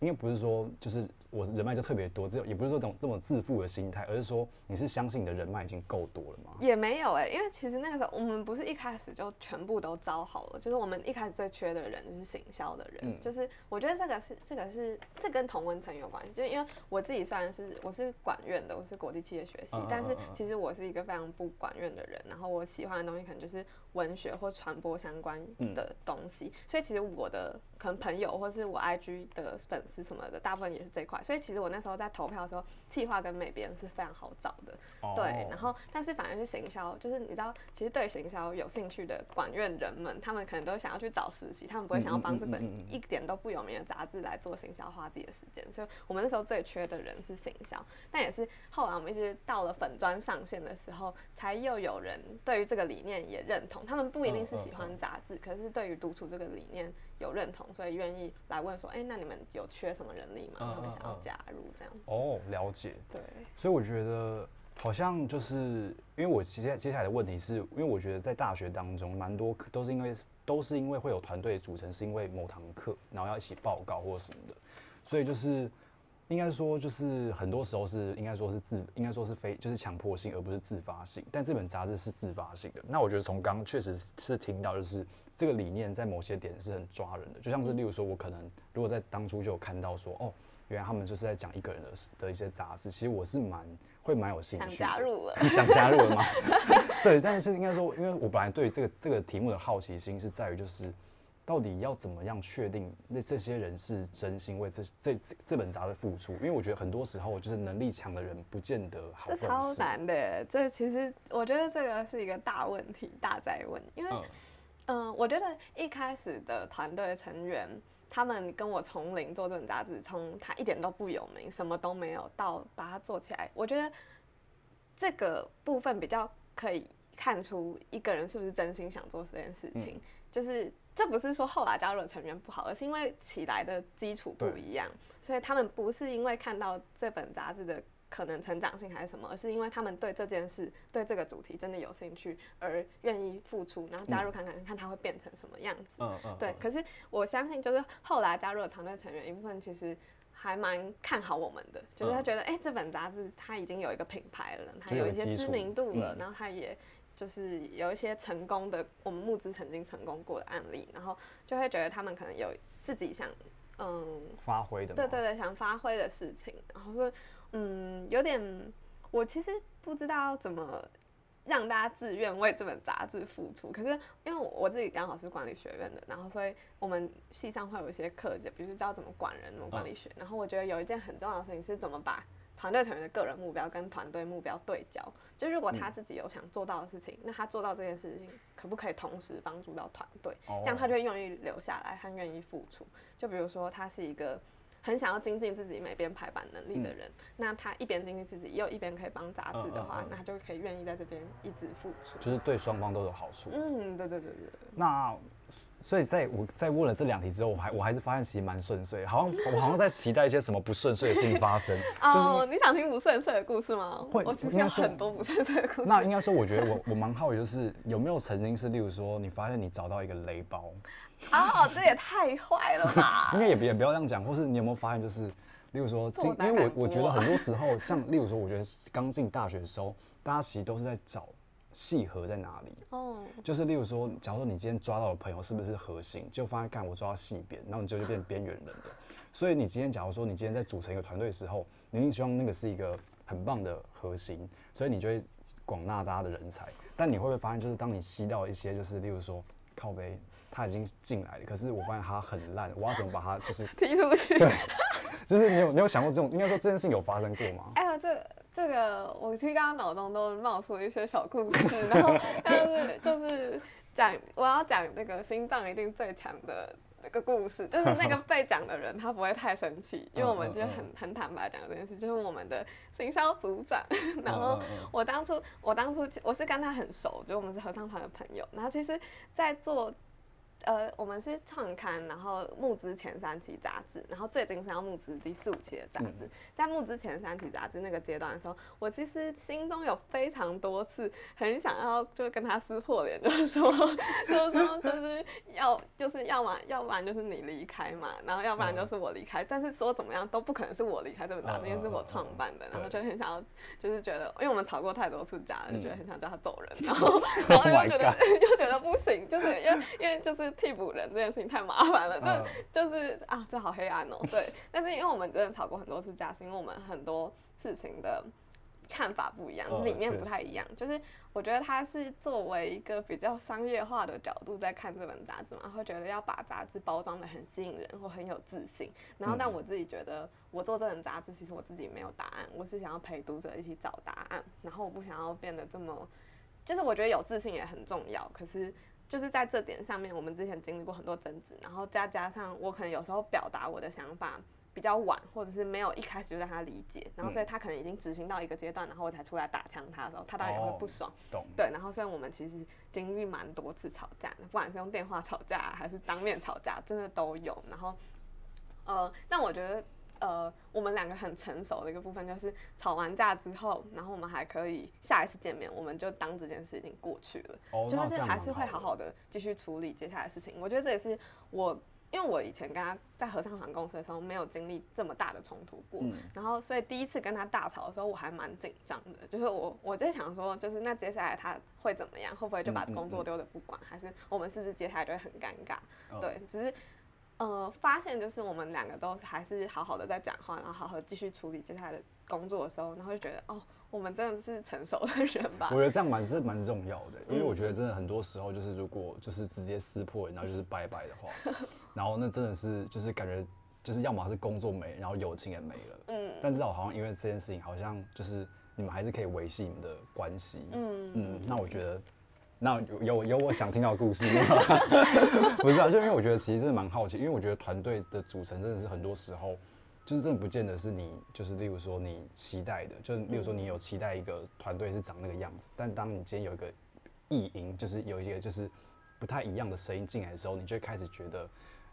A: 應該不是說就是。我人脈就特別多，只有也不是說這種這麼自負的心態，而是說你是相信你的人脈已經夠多了嗎？
B: 也沒有哎、欸，因為其實那個時候我們不是一開始就全部都招好了，就是我們一開始最缺的人就是行銷的人，嗯、就是我覺得這個是這個是這個、跟同溫層有關係，就是因為我自己雖然是我是管院的，我是國際企業學系，嗯、但是其實我是一個非常不管院的人，然後我喜歡的東西可能就是。文學或傳播相關的東西，嗯、所以其實我的可能朋友或是我 IG 的粉絲什麼的，大部分也是這塊，所以其實我那時候在投票的時候。企劃跟美編是非常好找的，oh. 對，然後但是反而是行銷，就是你知道，其實對行銷有興趣的管院人們，他們可能都想要去找實習，他們不會想要幫這本一點都不有名的雜誌來做行銷，花自己的時間。Oh. 所以我們那時候最缺的人是行銷，但也是後來我們一直到了粉專上線的時候，才又有人對於這個理念也認同。他們不一定是喜歡雜誌，oh, okay. 可是對於獨處這個理念，有認同，所以願意來問說，哎、欸，那你們有缺什麼人力嗎？有沒有想要加入這樣子？哦
A: ，uh, uh, uh. oh, 了解。對，所以我覺得好像就是，因為我接接下來的問題是，因為我覺得在大學當中，蠻多課都是因為都是因為會有團隊組成，是因為某堂課，然後要一起報告或什麼的，所以就是。應該說，就是很多時候是應該說是自，應該說是非，就是強迫性，而不是自發性。但這本雜誌是自發性的。那我覺得從剛剛確實是聽到，就是這個理念在某些點是很抓人的。就像是例如說，我可能如果在當初就有看到說，哦，原來他們就是在講一個人的的一些雜誌，其實我是蠻會蠻有興趣的想加入，
B: 你想加入嗎？
A: 對，但是應該說，因為我本來對這個這個題目的好奇心是在於就是。到底要怎麼樣確定那這些人是真心為這這這本雜誌付出？因為我覺得很多時候就是能力強的人不見得好控制。這超難的，
B: 這其實我覺得這個是一個大問題、大哉問。因為，嗯、呃，我覺得一開始的團隊成員，他們跟我從零做這本雜誌，從他一點都不有名、什麼都沒有到把它做起來，我覺得這個部分比較可以看出一個人是不是真心想做這件事情，嗯、就是。這不是說後來加入的成員不好，而是因為起來的基礎不一樣，對所以他們不是因為看到這本雜誌的可能成長性還是什麼，而是因為他們對這件事、對這個主題真的有興趣而願意付出，然後加入看看、嗯、看它會變成什麼樣子。嗯嗯嗯、對，可是我相信就是後來加入的團隊成員一部分其實還蠻看好我們的，就是他覺得欸、嗯、這本雜誌它已經有一個品牌了，它有一些知名度了，嗯、然後它也。就是有一些成功的，我們募資曾經成功過的案例，然後就會覺得他們可能有自己想，嗯，
A: 發揮的，對對
B: 對，想發揮的事情。然後說，嗯，有點，我其實不知道怎麼讓大家自願為這本雜誌付出。可是因為我，我自己剛好是管理學院的，然後所以我們系上會有一些課，就比如說教怎麼管人，怎麼管理學。嗯、然後我覺得有一件很重要的事情是，怎麼把。團隊成員的個人目標跟團隊目標對焦，就如果他自己有想做到的事情，嗯、那他做到這件事情，可不可以同時幫助到團隊？哦、這樣他就會願意留下來，他願意付出。就比如說，他是一個很想要精進自己美編排版能力的人，嗯、那他一邊精進自己，又一邊可以幫雜誌的話，嗯嗯嗯、那他就可以願意在這邊一直付出，啊，就是
A: 對雙方都有好處。嗯，
B: 對對對對，對。
A: 那。所以，在我在問了這兩題之後，我還我還是發現其實蠻順遂，好像我好像在期待一些什麼不順遂的事情發生。哦，
B: 你想聽不順遂的故事嗎？
A: 會，我其實有很
B: 多不順遂的故事。那
A: 應該說，我覺得我我蠻好奇，就是有沒有曾經是，例如說，你發現你找到一個雷包
B: 啊？這、oh, 也太壞了
A: 吧！應該 也也不要這樣講，或是你有沒有發現，就是例如說今，因為我我覺得很多時候，像例如說，我覺得剛進大學的時候，大家其實都是在找。細核在哪裡？哦，oh. 就是例如說，假如說你今天抓到的朋友是不是核心，嗯、就發現幹我抓到細邊，然後你就就變邊緣人的。啊、所以你今天假如說你今天在組成一個團隊的時候，你一定希望那個是一個很棒的核心，所以你就會廣納大家的人才。但你會不會發現，就是當你吸到一些，就是例如說靠北，他已經進來了，可是我發現他很爛，我要怎麼把他就是、啊、踢出去？對，就是你有你有想過這種？應該說這件事情有發生過嗎？
B: 哎呀、呃，這個。這個，我其實剛剛腦中都冒出了一些小故事， 然後但是就是講我要講那個心臟一定最強的那個故事，就是那個被講的人他不會太生氣， 因為我們就很很坦白講這件事，oh, oh, oh. 就是我們的行銷組長， 然後說 oh, oh, oh. 我當初我當初我是跟他很熟，就我們是合唱團的朋友，然後其實，在做。呃，我們是創刊，然後募資前三期雜誌，然後最近是要募資第四五期的雜誌。嗯、在募資前三期雜誌那個階段的時候，我其實心中有非常多次很想要就跟他撕破臉，就是說， 就是說就是要就是要嘛，要不然就是你離開嘛，然後要不然就是我離開。嗯、但是說怎麼樣都不可能是我離開這本雜誌，啊、因為是我創辦的，然後就很想要就是覺得，對因為我們吵過太多次架了，就覺得很想叫他走人，然後然後又覺得、oh、my 又覺得不行，就是因為因為就是。替補人這件事情太麻煩了，就、uh, 就是啊，這好黑暗哦。對， 但是因為我們真的吵過很多次架，是因為我們很多事情的看法不一樣，理念、uh, 不太一樣。確實。就是我覺得他是作為一個比較商業化的角度在看這本雜誌嘛，會覺得要把雜誌包裝得很吸引人或很有自信。然後，但我自己覺得我做這本雜誌，其實我自己沒有答案，我是想要陪讀者一起找答案。然後，我不想要變得這麼，就是我覺得有自信也很重要，可是。就是在這點上面，我們之前經歷過很多爭執，然後加加上，我可能有時候表達我的想法比較晚，或者是沒有一開始就讓他理解，然後所以他可能已經執行到一個階段，然後我才出來打槍他的時候，他當然也會不爽。哦、懂。對，然後雖然我們其實經歷蠻多次吵架的，不管是用電話吵架還是當面吵架，真的都有。然後，呃，但我覺得。呃，我們兩個很成熟的一個部分就是，吵完架之後，然後我們還可以下一次見面，我們就當這件事已經過去了，Oh, 就是還是會好好的繼續處理接下來的事情。我覺得這也是我，因為我以前跟他在合唱團公司的時候沒有經歷這麼大的衝突過，嗯、然後所以第一次跟他大吵的時候，我還蠻緊張的，就是我我在想說，就是那接下來他會怎麼樣，會不會就把工作丟的不管，嗯嗯嗯，還是我們是不是接下來就會很尷尬？Oh. 對，只是。呃，發現就是我們兩個都還是好好的在講話，然後好好繼續處理接下來的工作的時候，然後就覺得哦，我們真的是成熟的人吧？我覺得這樣
A: 蠻是蠻重要的，嗯、因為我覺得真的很多時候就是如果就是直接撕破，然後就是拜拜的話，嗯、然後那真的是就是感覺就是要麼是工作沒，然後友情也沒
B: 了。嗯。但
A: 至少好像因為這件事情，好像就是你們還是可以維繫你們的關係。嗯嗯。嗯嗯，那我覺得。那有有，我想聽到的故事嗎？ 不是啊，就因為我覺得其實真的蠻好奇，因為我覺得團隊的組成真的是很多時候就是真的不見得是你，就是例如說你期待的，就例如說你有期待一個團隊是長那個樣子，嗯、但當你今天有一個異音，就是有一些就是不太一樣的聲音進來的時候，你就會開始覺得，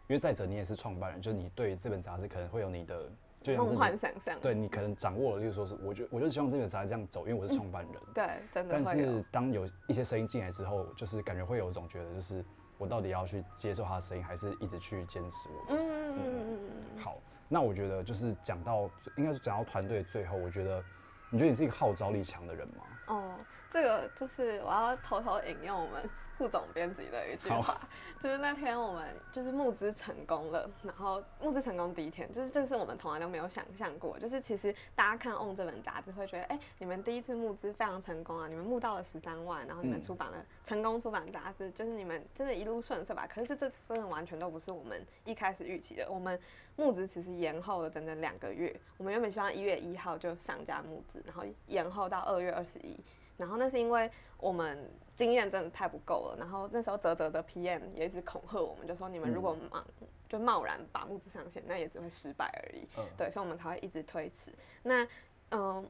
A: 因為再者你也是創辦人，就你對這本雜誌可能會有你的。就像是
B: 象對
A: 你可能掌握了，例如說是，我就我就希望這個雜誌這樣走，因為我是創辦人。
B: 對，真的。但是
A: 當有一些聲音進來之後，就是感覺會有一種覺得，就是我到底要去接受他的聲音，還是一直去堅持我？嗯嗯嗯嗯。好，那我覺得就是講到，應該是講到團隊最後，我覺得，你覺得你是一個號召力強的人嗎？哦。
B: 這個就是我要偷偷引用我們副總編輯的一句話，好就是那天我們就是募資成功了，然後募資成功第一天，就是這個是我們從來都沒有想象過，就是其實大家看《Own》這本雜誌會覺得，哎、欸，你們第一次募資非常成功啊，你們募到了十三萬，然後你們出版了、嗯、成功出版雜誌，就是你們真的一路順遂吧？可是這次真的完全都不是我們一開始預期的，我們募資其實延後了整整兩個月，我們原本希望一月一號就上架募資，然後延後到二月二十一。然後那是因為我們經驗真的太不夠了，然後那時候嘖嘖的 PM 也一直恐嚇我們，就說你們如果冒、嗯、就貿然把募資上線，那也只會失敗而已。嗯、對，所以我們才會一直推遲。那嗯，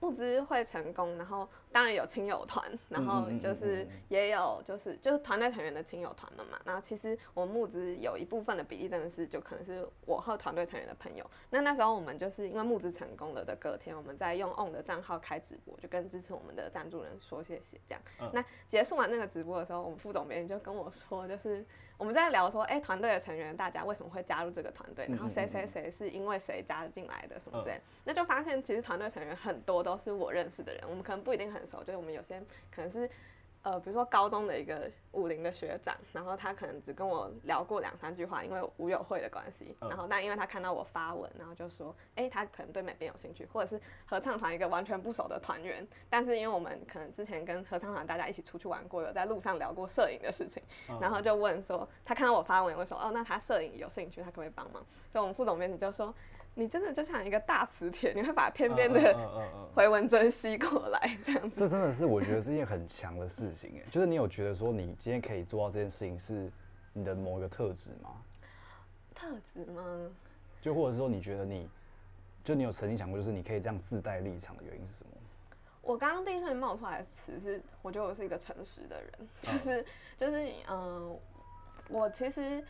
B: 募資會成功，然後。當然有親友團，然後就是也有就是就是團隊成員的親友團了嘛。然後其實我們募資有一部分的比例真的是就可能是我和團隊成員的朋友。那那時候我們就是因為募資成功了的隔天，我們在用 own 的賬號開直播，就跟支持我們的贊助人說謝謝這樣。嗯、那結束完那個直播的時候，我們副總編就跟我說，就是我們在聊說，哎、欸，團隊的成員大家為什麼會加入這個團隊？然後誰誰誰是因為誰加進來的什麼之類，嗯嗯嗯嗯，那就發現其實團隊成員很多都是我認識的人，我們可能不一定很。就是我們有些可能是，呃，比如說高中的一個五零的學長，然後他可能只跟我聊過兩三句話，因為舞友會的關係，嗯、然後但因為他看到我發文，然後就說，欸、他可能對美編有興趣，或者是合唱團一個完全不熟的團員，但是因為我們可能之前跟合唱團大家一起出去玩過，有在路上聊過攝影的事情，嗯、然後就問說，他看到我發文，也會說，哦，那他攝影有興趣，他可不可以幫忙？所以我們副總編輯就說。你真的就像一個大磁鐵，你會把天邊的迴紋針吸過來，這樣
A: 子。啊啊啊啊啊啊，這真的是我覺得是一件很強的事情、欸，哎， 就是你有覺得說你今天可以做到這件事情是你的某一個特質嗎？
B: 特質嗎？
A: 就或者說你覺得你，就你有曾經想過，就是你可以這樣自帶立場的原因是什麼？
B: 我剛剛第一瞬間冒出來的詞是，我覺得我是一個誠實的人，就是、啊、就是嗯、呃，我其實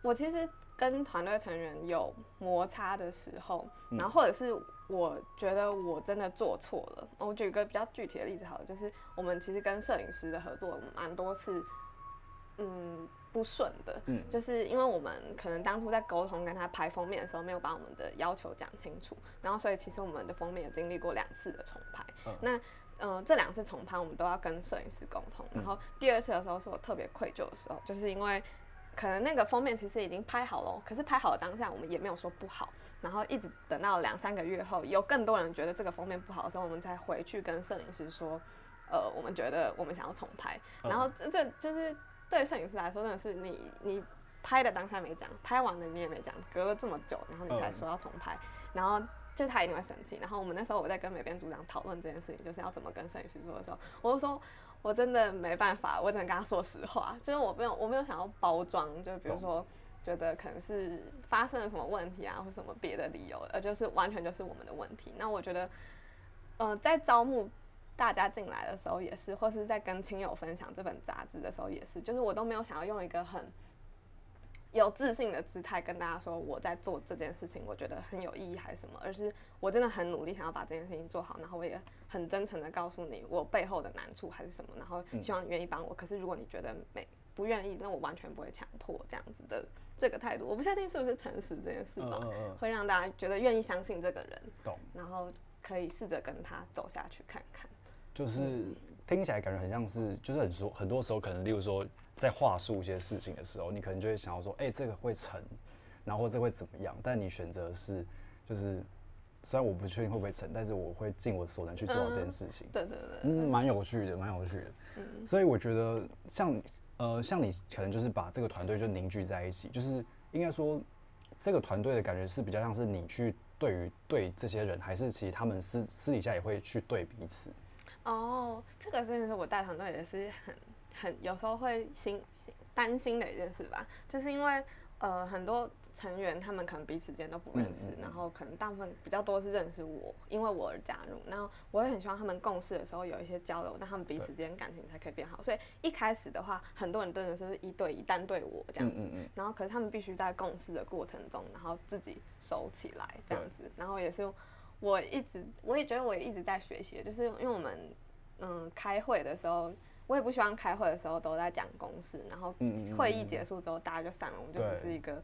B: 我其實。跟團隊成員有摩擦的時候，然後或者是我覺得我真的做錯了。嗯、我舉一個比較具體的例子，好了，就是我們其實跟攝影師的合作蠻多次，嗯，不順的。嗯，就是因為我們可能當初在溝通跟他拍封面的時候，沒有把我們的要求講清楚，然後所以其實我們的封面也經歷過兩次的重拍。嗯、那，嗯、呃，這兩次重拍我們都要跟攝影師溝通。然後第二次的時候是我特別愧疚的時候，就是因為。可能那個封面其實已經拍好了，可是拍好的當下我們也沒有說不好，然後一直等到兩三個月後，有更多人覺得這個封面不好的時候，我們才回去跟攝影師說，呃，我們覺得我們想要重拍，嗯、然後這這就，就是對攝影師來說真的是你你拍的當下沒講，拍完了你也沒講，隔了這麼久，然後你才說要重拍，嗯、然後就他一定會生氣。然後我們那時候我在跟美編組長討論這件事情，就是要怎麼跟攝影師說的時候，我就說。我真的沒辦法，我只能跟他說實話，就是我沒有我沒有想要包裝，就比如說覺得可能是發生了什麼問題啊，或什麼別的理由，而就是完全就是我們的問題。那我覺得，呃，在招募大家進來的時候也是，或是在跟親友分享這本雜誌的時候也是，就是我都沒有想要用一個很。有自信的姿態跟大家說，我在做這件事情，我覺得很有意義還是什麼，而是我真的很努力想要把這件事情做好，然後我也很真誠的告訴你我背後的難處還是什麼，然後希望你願意幫我。嗯、可是如果你覺得沒不願意，那我完全不會強迫這樣子的這個態度。我不確定是不是誠實這件事吧，嗯嗯嗯、會讓大家覺得願意相信這個人，懂，然後可以試着跟他走下去看看。
A: 就是聽起來感覺很像是，就是很說、嗯、很多時候可能，例如說。在話術一些事情的時候，你可能就會想要說，哎、欸，這個會成，然後這會怎麼樣？但你選擇是，就是雖然我不確定會不會成，嗯、但是我會盡我所能去做這件事情、嗯。對對對，嗯，蠻有趣的，蠻有趣的。嗯、所以我覺得像呃，像你可能就是把這個團隊就凝聚在一起，就是應該說這個團隊的感覺是比較像是你去對於對這些人，還是其實他們私私底下也會去對彼此。
B: 哦，oh, 這個真的是我帶團隊也是很。很有時候會心心擔心的一件事吧，就是因為呃很多成員他們可能彼此之間都不認識，嗯嗯嗯，然後可能大部分比較多是認識我，因為我而加入，然後我也很希望他們共事的時候有一些交流，那他們彼此之間感情才可以變好。對所以一開始的話，很多人真的是一對一單對我這樣子，嗯嗯嗯，然後可是他們必須在共事的過程中，然後自己熟起來這樣子，對然後也是我一直我也覺得我也一直在學習，就是因為我們嗯開會的時候。我也不希望開會的時候都在講公事，然後會議結束之後大家就散了，嗯、我們就只是一個，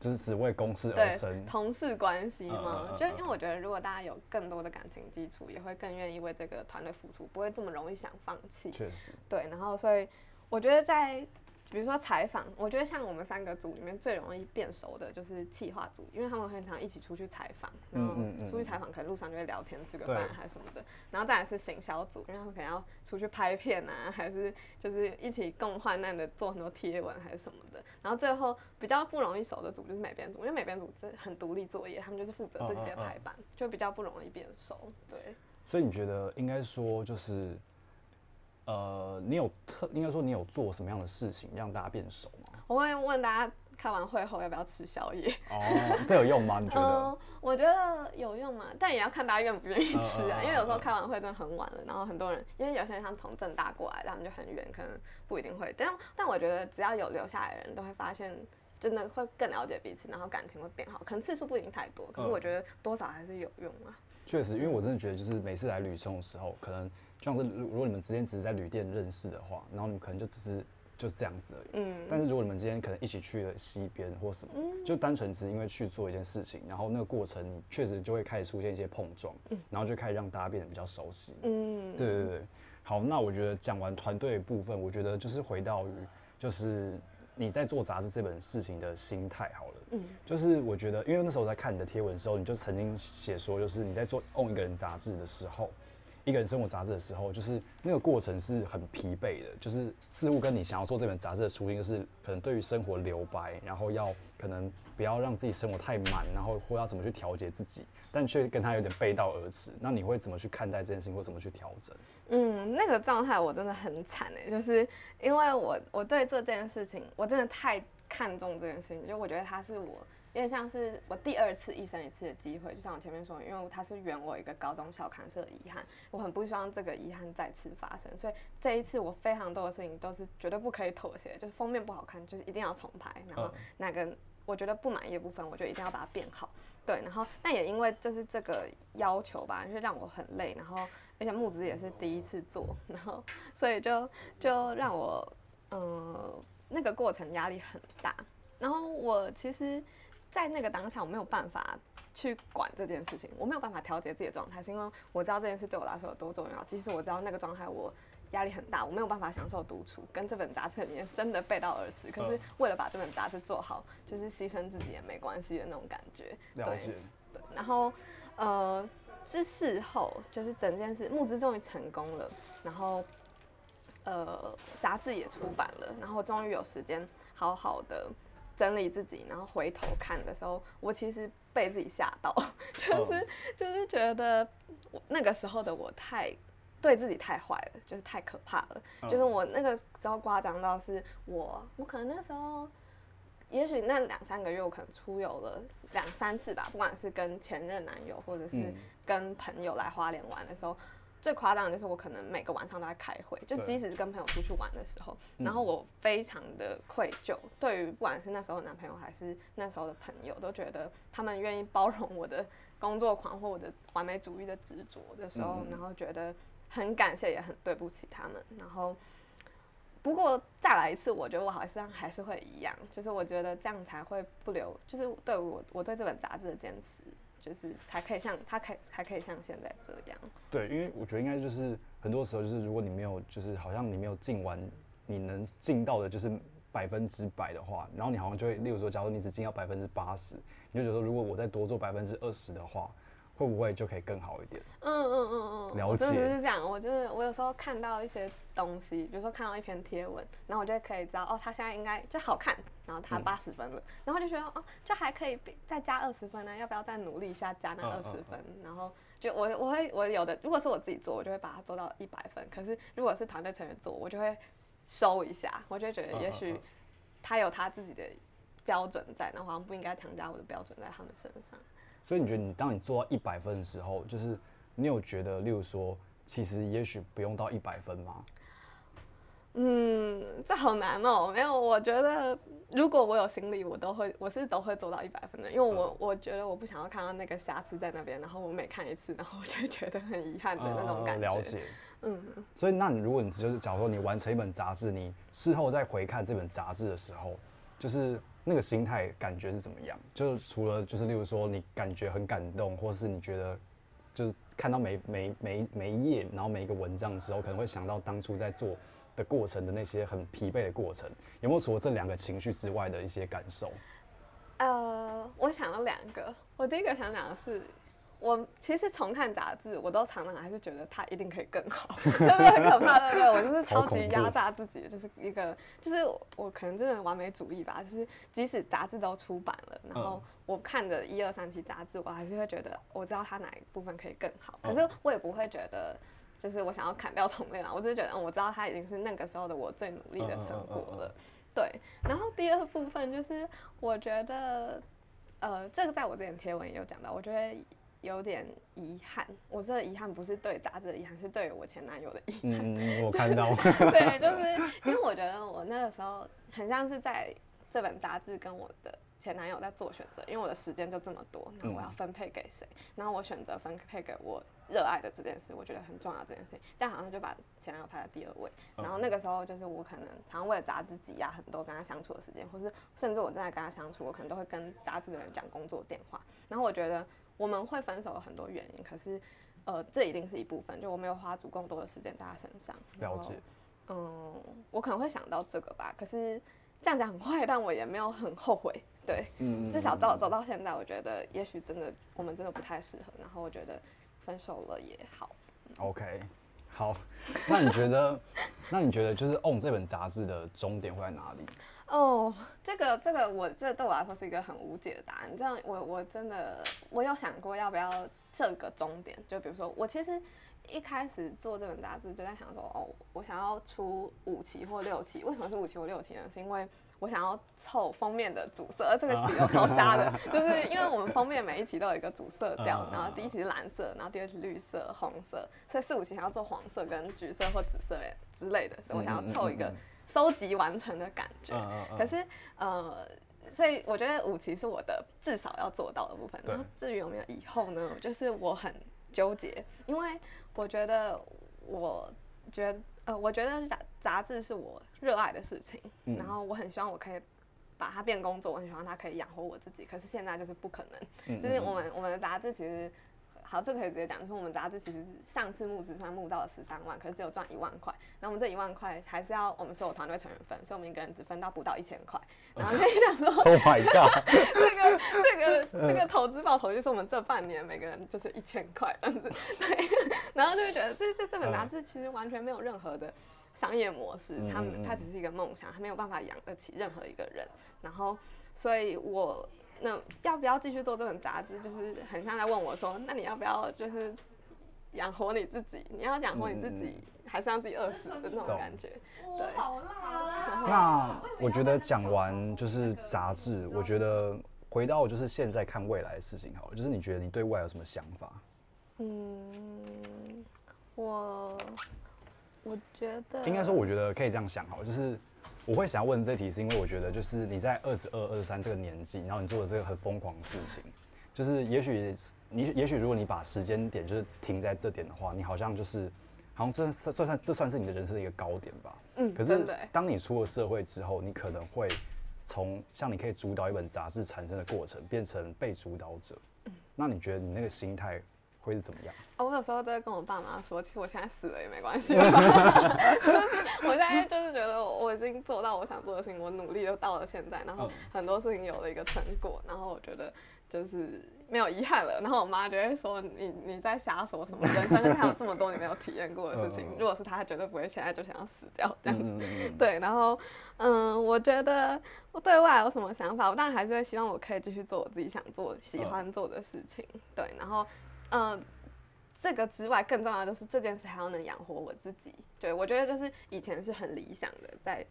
B: 就
A: 是只為公事而生，對，同
B: 事關係嘛。Uh, uh, uh, uh. 就因為我覺得，如果大家有更多的感情基礎，也會更願意為這個團隊付出，不會這麼容易想放棄。確實，對。然後，所以我覺得在。比如說採訪，我覺得像我們三個組裡面最容易變熟的就是企劃組，因為他們很常一起出去採訪，然後出去採訪可能路上就會聊天、吃個飯還是什麼的。對然後再來是行銷組，因為他們可能要出去拍片啊，還是就是一起共患難的做很多貼文還是什麼的。然後最後比較不容易熟的組就是美編組，因為美編組很獨立作業，他們就是負責這些的排版，啊啊啊就比較不容易變熟。對，
A: 所以你覺得應該說就是。呃，你有特應該說，你有做什麼樣的事情讓大家變熟嗎？
B: 我會問大家開完會後要不要吃宵夜哦
A: ，oh, 這有用嗎？你覺得？Uh,
B: 我覺得有用嘛，但也要看大家願不願意吃啊。因為有時候開完會真的很晚了，然後很多人，因為有些人他從政大過來，他們就很遠，可能不一定會這樣。但但我覺得只要有留下來的人都會發現，真的會更了解彼此，然後感情會變好。可能次數不一定太多，uh, 可是我覺得多少還是有用啊。
A: 確實，因為我真的覺得就是每次來旅送的時候，可能。就像是，如如果你們之間只是在旅店認識的話，然後你們可能就只是就是這樣子而已。嗯。但是如果你們之間可能一起去了西邊或什麼，嗯、就單純只是因為去做一件事情，然後那個過程確實就會開始出現一些碰撞，然後就開始讓大家變得比較熟悉。嗯。對對對。好，那我覺得講完團隊部分，我覺得就是回到於，就是你在做雜誌這本事情的心態好了。嗯。就是我覺得，因為那時候我在看你的貼文的時候，你就曾經寫說，就是你在做 own 一個人雜誌的時候。一個人生活雜誌的時候，就是那個過程是很疲憊的。就是事物跟你想要做這本雜誌的初心，就是可能對於生活留白，然後要可能不要讓自己生活太滿，然後或要怎麼去調節自己，但卻跟他有點背道而馳。那你會怎麼去看待這件事情，或怎麼去調整？
B: 嗯，那個狀態我真的很慘誒、欸。就是因為我我對這件事情，我真的太看重這件事情，就我覺得他是我。因為像是我第二次一生一次的機會，就像我前面說，因為它是圓我一個高中校刊社的遺憾，我很不希望這個遺憾再次發生，所以這一次我非常多的事情都是絕對不可以妥協，就是封面不好看，就是一定要重拍，然後哪個我覺得不滿意的部分，我就一定要把它變好，對，然後那也因為就是這個要求吧，就是讓我很累，然後而且木子也是第一次做，然後所以就就讓我嗯、呃、那個過程壓力很大，然後我其實。在那個當下，我沒有辦法去管這件事情，我沒有辦法調節自己的狀態，是因為我知道這件事對我來說有多重要。即使我知道那個狀態，我壓力很大，我沒有辦法享受獨處，跟這本雜誌裡面真的背道而馳。可是為了把這本雜誌做好，就是犧牲自己也沒關係的那種感覺。了解。對，對。然後，呃，這事後就是整件事募資終於成功了，然後，呃，雜誌也出版了，然後終於有時間好好的整理自己，然後回頭看的時候，我其實被自己嚇到，就是、oh. 就是覺得我那個時候的我太對自己太壞了，就是太可怕了，oh. 就是我那個時候誇張到是我，我可能那時候，也許那兩三個月，我可能出遊了兩三次吧，不管是跟前任男友，或者是跟朋友來花蓮玩的時候。最誇張的就是我可能每個晚上都在開會，就即使是跟朋友出去玩的時候，對然後我非常的愧疚，對於不管是那時候男朋友還是那時候的朋友，都覺得他們願意包容我的工作狂或我的完美主義的執着的時候，對然後覺得很感謝也很對不起他們。然後，不過再來一次，我覺得我好像還是會一樣，就是我覺得這樣才會不留，就是對我我對這本雜誌的堅持。就是才可以像他可以才可以像現在這樣。
A: 對，因為我覺得應該就是很多時候就是如果你沒有就是好像你沒有盡完你能盡到的就是百分之百的話，然後你好像就會，例如說，假如你只盡到百分之八十，你就覺得說如果我再多做百分之二十的話。會不會就可以更好一點？嗯嗯
B: 嗯嗯，就、嗯、是、嗯嗯、了解，是這樣，我就是我有時候看到一些東西，比如說看到一篇貼文，然後我就可以知道，哦，他現在應該就好看，然後他八十分了，嗯、然後就覺得，哦，就還可以比再加二十分呢、啊，要不要再努力一下加那二十分？嗯嗯嗯、然後就我我會我有的，如果是我自己做，我就會把它做到一百分，可是如果是團隊成員做，我就會收一下，我就覺得也許他有他自己的標準在，嗯嗯、然後我好像不應該強加我的標準在他們身上。
A: 所以你覺得你當你做到一百分的時候，就是你有覺得，例如說，其實也許不用到一百分嗎？嗯，
B: 這好難哦，喔，沒有，我覺得如果我有心理，我都會，我是都會做到一百分的，因為我，嗯，我覺得我不想要看到那個瑕疵在那邊，然後我每看一次，然後我就覺得很遺憾的那種感覺。嗯嗯，了解。嗯。
A: 所以，那你如果你就是假如說你完成一本雜誌，你事後再回看這本雜誌的時候，就是。那個心態感覺是怎麼樣？就是除了就是例如說你感覺很感動，或是你覺得就是看到每每每每一頁，然後每一個文章之後，可能會想到當初在做的過程的那些很疲憊的過程，有沒有除了這兩個情緒之外的一些感受？
B: 呃，uh, 我想了兩個，我第一個想講的是。我其實從看雜誌，我都常常還是覺得它一定可以更好，真的 很可怕。對不對，我就是超級壓榨自己，就是一個，就是我可能真的完美主義吧。就是即使雜誌都出版了，然後我看着一二三期雜誌，我還是會覺得我知道它哪一部分可以更好。可是我也不會覺得就是我想要砍掉重練啊，我只是覺得嗯，我知道它已經是那個時候的我最努力的成果了。Uh, uh, uh, uh, uh. 對。然後第二部分就是我覺得呃，這個在我之前貼文也有講到，我覺得。有點遺憾，我這遺憾不是對雜誌的遺憾，是對我前男友的遺
A: 憾。嗯、 對我看到。
B: 對，就是因為我覺得我那個時候很像是在這本雜誌跟我的前男友在做選擇，因為我的時間就這麼多，那我要分配給誰？嗯、然後我選擇分配給我熱愛的這件事，我覺得很重要。這件事情，但好像就把前男友排在第二位。然後那個時候就是我可能常常為了雜誌擠壓很多跟他相處的時間，或是甚至我正在跟他相處，我可能都會跟雜誌的人講工作電話。然後我覺得。我們會分手有很多原因，可是，呃，這一定是一部分。就我沒有花足夠多的時間在他身上。了
A: 解。
B: 嗯，我可能會想到這個吧。可是這樣講很壞，但我也沒有很後悔。對，嗯
A: 嗯嗯嗯，至少走走
B: 到現在，我覺得也許真的我們真的不太適合。然後我覺得分手了也好。嗯、
A: OK，好。那你覺得， 那你覺得就是《Own、哦》這本雜誌的終點會在哪裡？
B: 哦、oh, 這個，這個這個我這，對我來說是一個很無解的答案。這樣，我我真的我有想過要不要設個終點，就比如說我其實一開始做這本雜誌就在想說，哦，我想要出五期或六期。為什麼是五期或六期呢？是因為我想要湊封面的主色，而、uh huh. 這個是好瞎的， 就是因為我們封面每一期都有一個主色調，然後第一期是藍色，然後第二期綠色、uh huh. 紅色，所以四五期想要做黃色跟橘色或紫色之類的，所以我想要湊一個。Uh huh. 嗯嗯收集完成的感覺，uh, uh, uh, 可是呃，所以我覺得五期是我的至少要做到的部分。對然後至於有沒有以後呢？就是我很糾結，因為我覺得我覺得呃，我覺得雜雜誌是我熱愛的事情，嗯、然後我很希望我可以把它變工作，我很希望它可以養活我自己，可是現在就是不可能，嗯嗯嗯，就是我們我們的雜誌其實。好，這個可以直接講。就是、說我們雜誌其實上次募資雖然募到了十三萬，可是只有賺一萬塊。那我們這一萬塊還是要我們所有團隊成員分，所以我們一個人只分到不到一千塊。然後這樣子，Oh my God 這個、這個、這個投資報酬就是我們這半年每個人就是一千塊。對，然後就會覺得這、這、這本雜誌其實完全沒有任何的商業模式，它、嗯嗯、它只是一個夢想，它沒有辦法養得起任何一個人。然後，所以我。那要不要繼續做這本雜誌？就是很像在問我說：“那你要不要就是養活你自己？你要養活你自己，嗯、還是讓自己餓死的那種感覺？”懂對、哦，好啦好啦
A: 那我覺得講完就是雜誌，我覺得回到就是現在看未來的事情好了。就是你覺得你對未來有什麼想法？嗯，
B: 我我覺得應該說，我
A: 覺得可以這樣想哈，就是。我會想要問這題，是因為我覺得就是你在二十二、二十三這個年紀，然後你做的這個很瘋狂的事情，就是也許你，也許如果你把時間點就是停在這點的話，你好像就是好像這算算算這算是你的人生的一個高點吧。嗯，可是當你出了社會之後，你可能會從像你可以主導一本雜誌產生的過程，變成被主導者。嗯，那你覺得你那個心態會是怎麼樣？
B: 啊，我有時候都會跟我爸媽說，其實我現在死了也沒關係。了 我現在就是覺得我，我已經做到我想做的事情，我努力都到了現在，然後很多事情有了一個成果，然後我覺得就是沒有遺憾了。然後我媽就會說，你你在瞎說什麼？人生還還有這麼多你沒有體驗過的事情，如果 是她，絕對不會現在就想要死掉這樣子。嗯、對，然後嗯，我覺得我對未來有什麼想法，我當然還是會希望我可以繼續做我自己想做、喜歡做的事情。嗯、對，然後。嗯、呃，這個之外，更重要的就是這件事還要能養活我自己。對，我覺得就是以前是很理想的，在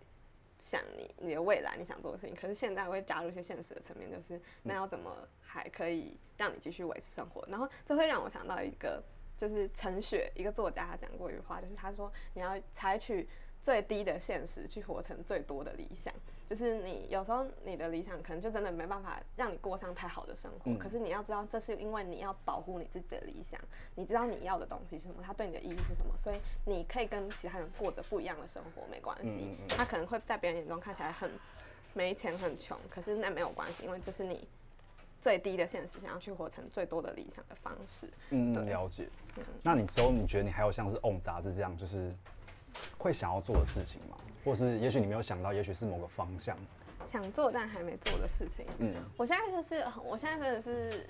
B: 想你你的未來你想做的事情，可是現在會加入一些現實的層面，就是那要怎麼還可以讓你繼續維持生活？嗯、然後這會讓我想到一個，就是陳雪一個作家他講過一句話，就是他說你要採取最低的現實去活成最多的理想。就是你有時候你的理想可能就真的沒辦法讓你過上太好的生活，嗯、可是你要知道，這是因為你要保護你自己的理想，你知道你要的東西是什麼，它對你的意義是什麼，所以你可以跟其他人過着不一樣的生活，沒關係。嗯嗯、他可能會在別人眼中看起來很沒錢、很窮，可是那沒有關係，因為這是你最低的現實，想要去活成最多的理想的方式。
A: 嗯，對了解。嗯，那你之後你覺得你還有像是《own 雜誌》這樣，就是會想要做的事情嗎？或是，也許你沒有想到，也許是某個方向
B: 想做但還沒做的事情。嗯，我現在就是，我現在真的是，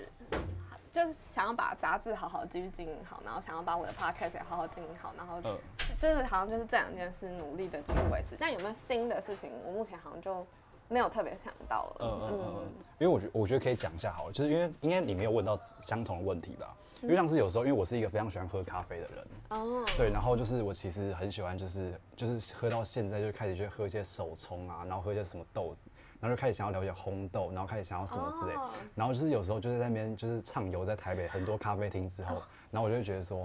B: 就是想要把雜誌好好繼續經營好，然後想要把我的 podcast 也好好經營好，然後，真的、呃、好像就是這兩件事努力的繼續維持。但有沒有新的事情？我目前好像就。沒有特別想
A: 到，嗯嗯、uh, uh, uh, uh. 嗯，因為我覺得我覺得可以講一下，好了，就是因為應該你沒有問到相同的問題吧？嗯、因為像是有時候，因為我是一個非常喜歡喝咖啡的人，哦，oh. 對，然後就是我其實很喜歡，就是就是喝到現在就開始去喝一些手沖啊，然後喝一些什麼豆子，然後就開始想要了解烘豆，然後開始想要什麼之類，oh. 然後就是有時候就在那邊就是暢遊在台北很多咖啡廳之後，oh. 然後我就會覺得說。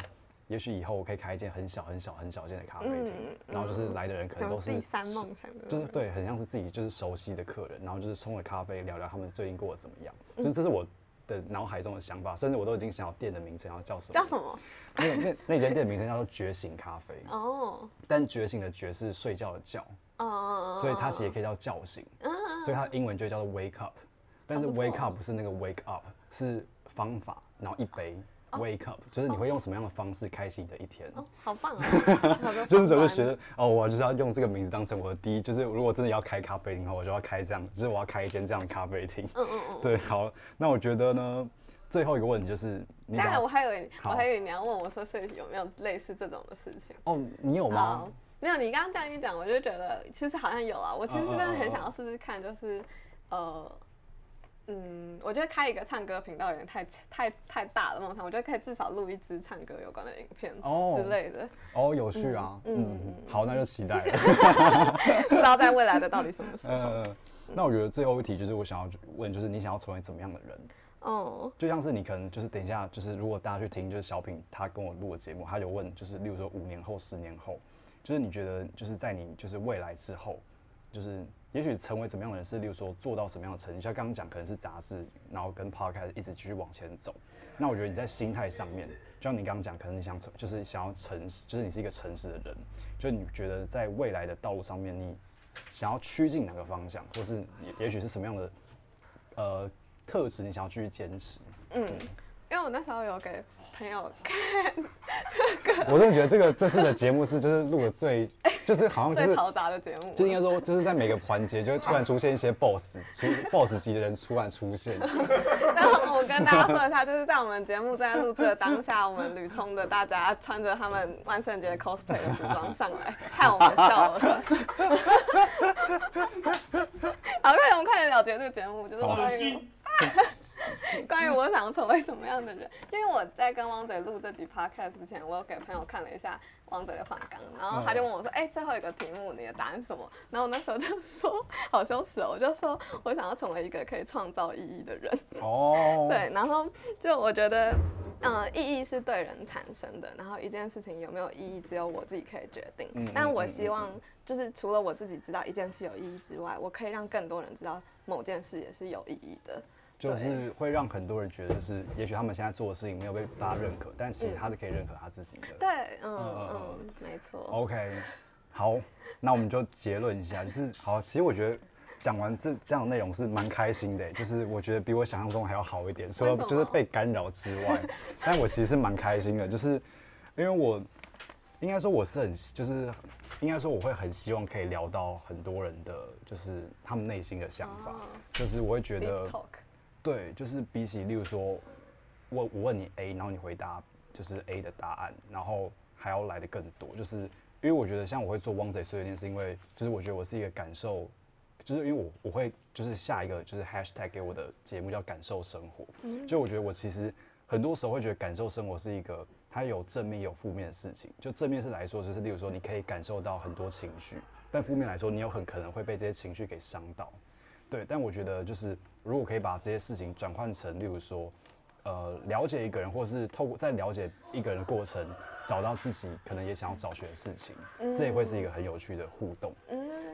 A: 也許以後我可以開一間很小、很小、很小間的咖啡
B: 廳，嗯、然後就是
A: 來的人可能都是三對對
B: 就是
A: 對，很像是自己就是熟悉的客人，然後就是沖了咖啡聊聊他們最近過得怎麼樣。嗯、就是這是我的腦海中的想法，甚至我都已經想好店的名稱要叫什麼。叫什麼？那那那間店的名稱叫做“覺醒咖啡”。哦。但“覺醒”的“覺”是睡覺的“覺”。
B: 哦。所以它其
A: 實也可以叫，叫“叫醒”。Oh. 所以它的英文就叫做 “wake up”，但是 “wake up” 不是那個 “wake up”，是方法，然後一杯。Oh. Oh, Wake up，就是你會用什麼樣的方式開心的一天？哦，好棒啊！就是覺得哦，我就是要用這個名字當成我的第一。就是如果真的要開咖啡廳的話，我就要開這樣，就是我要開一間這樣的咖啡廳。嗯嗯嗯，對，好。那我覺得呢，最後一個問題就是你，你才我還以為好我還以為
B: 你要問我說是有沒有類似這種的
A: 事情？哦，oh, 你有嗎？
B: 沒有，你剛剛這樣一講，我就覺得其實好像有啊。我其實真的很想要試試看，就是 uh, uh, uh, uh. 呃。嗯，我覺得開一個唱歌頻道有點太太太大的夢想，我覺得可以至少錄一支唱歌有關的影片哦之類的
A: 哦。哦，有趣啊，嗯，好，那就期待了， 不知道在未來的到底什麼時候。呃，那我覺得最後一題就是我想要問，就是你想要成為怎麼樣的人？
B: 哦、
A: 嗯，就像是你可能就是等一下，就是如果大家去聽就是小品他跟我錄的節目，他就問就是，例如說五年後、十年後，就是你覺得就是在你就是未來之後。就是，也許成為怎麼樣的人，是，例如說做到什麼樣的成績。像剛剛講，可能是雜誌，然後跟 Podcast 開始一直繼續往前走。那我覺得你在心態上面，就像你剛剛講，可能你想成，就是想要誠實，就是你是一個誠實的人。就你覺得在未來的道路上面，你想要趨近哪個方向，或是也許是什麼樣的呃特質，你想要繼續堅持？嗯。嗯
B: 因為我那時候有給朋友看這個
A: 我真的覺得這個這次的節目是就是錄的最，就是好像最嘈
B: 雜的節目，就
A: 應該說就是在每個環節就會突然出現一些 boss 出 boss 級的人突然出現。
B: 然後我跟大家說一下，就是在我們節目正在錄制的當下，我們呂聰的大家穿着他們萬聖節 cosplay 的服裝上來，害我們笑了。好，快點，我們快點了結這個節目，就是開心。 關於我想要成為什麼樣的人，因為我在跟汪賊錄這集 podcast 之前，我有給朋友看了一下汪賊的訪綱，然後他就問我說：“哎、oh. 欸，最後一個題目，你的答案是什麼？”然後我那時候就說：“好羞恥、喔！”我就說我想要成為一個可以創造意義的人。
A: 哦，oh. 對，然
B: 後就我覺得，嗯、呃，意義是對人產生的，然後一件事情有沒有意義，只有我自己可以決定。嗯嗯嗯嗯嗯，但我希望就是除了我自己知道一件事有意義之外，我可以讓更多人知道某件事也是有意義的。
A: 就是會讓很多人覺得是，也許他們現在做的事情沒有被大家認可，但其實他是可以認可他自己的。
B: 對，嗯
A: 嗯嗯，沒錯。OK，好，那我們就結論一下，就是好，其實我覺得講完這這樣的內容是蠻開心的耶，就是我覺得比我想象中還要好一點，除了就是被干擾之外， 但我其實是蠻開心的，就是因為我應該說我是很，就是應該說我會很希望可以聊到很多人的，就是他們內心的想法，oh, 就是我會覺得。對，就是比起例如說，我我問你 A，然後你回答就是 A 的答案，然後還要來得更多，就是因為我覺得像我會做汪賊睡碎念，是因為就是我覺得我是一個感受，就是因為我我會就是下一個就是 #hashtag 給我的節目叫感受生活，所以我覺得我其實很多時候會覺得感受生活是一個它有正面有負面的事情，就正面是來說就是例如說你可以感受到很多情緒，但負面來說你有很可能會被這些情緒給傷到，對，但我覺得就是。如果可以把這些事情轉換成，例如說，呃，了解一個人，或是透過在了解一個人的過程，找到自己可能也想要找尋的事情，嗯、這也會是一個很有趣的互動。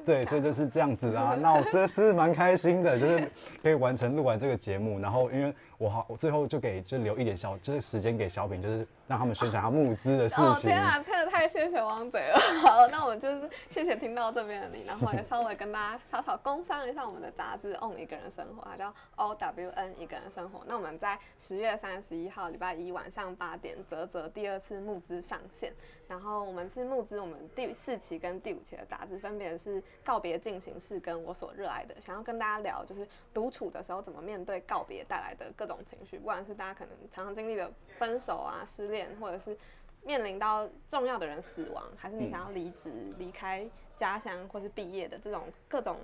A: 對，所以就是這樣子啊。嗯、那我真的是蠻開心的，嗯、就是可以完成錄完這個節目。 然後，因為我好，我最後就給就留一點小，就是時間給小品，就是讓他們宣傳他募資的事情。啊哦、天
B: 啊，真的太謝謝汪賊了。 好，那我們就是謝謝聽到這邊的你。然後，我也稍微跟大家稍稍工商一下我們的雜誌《Own 一個人生活》，它叫 O W N 一個人生活。那我們在十月三十一號禮拜一晚上八點，嘖嘖第二次募資上線。然後，我們是募資我們第四期跟第五期的雜誌，分別是。是《告別進行式》，跟《我所熱愛的》，想要跟大家聊，就是獨處的時候怎麼面對告別帶來的各種情緒，不管是大家可能常常經歷的分手啊、失戀，或者是面臨到重要的人死亡，還是你想要離職、嗯、離開家鄉或是畢業的這種各種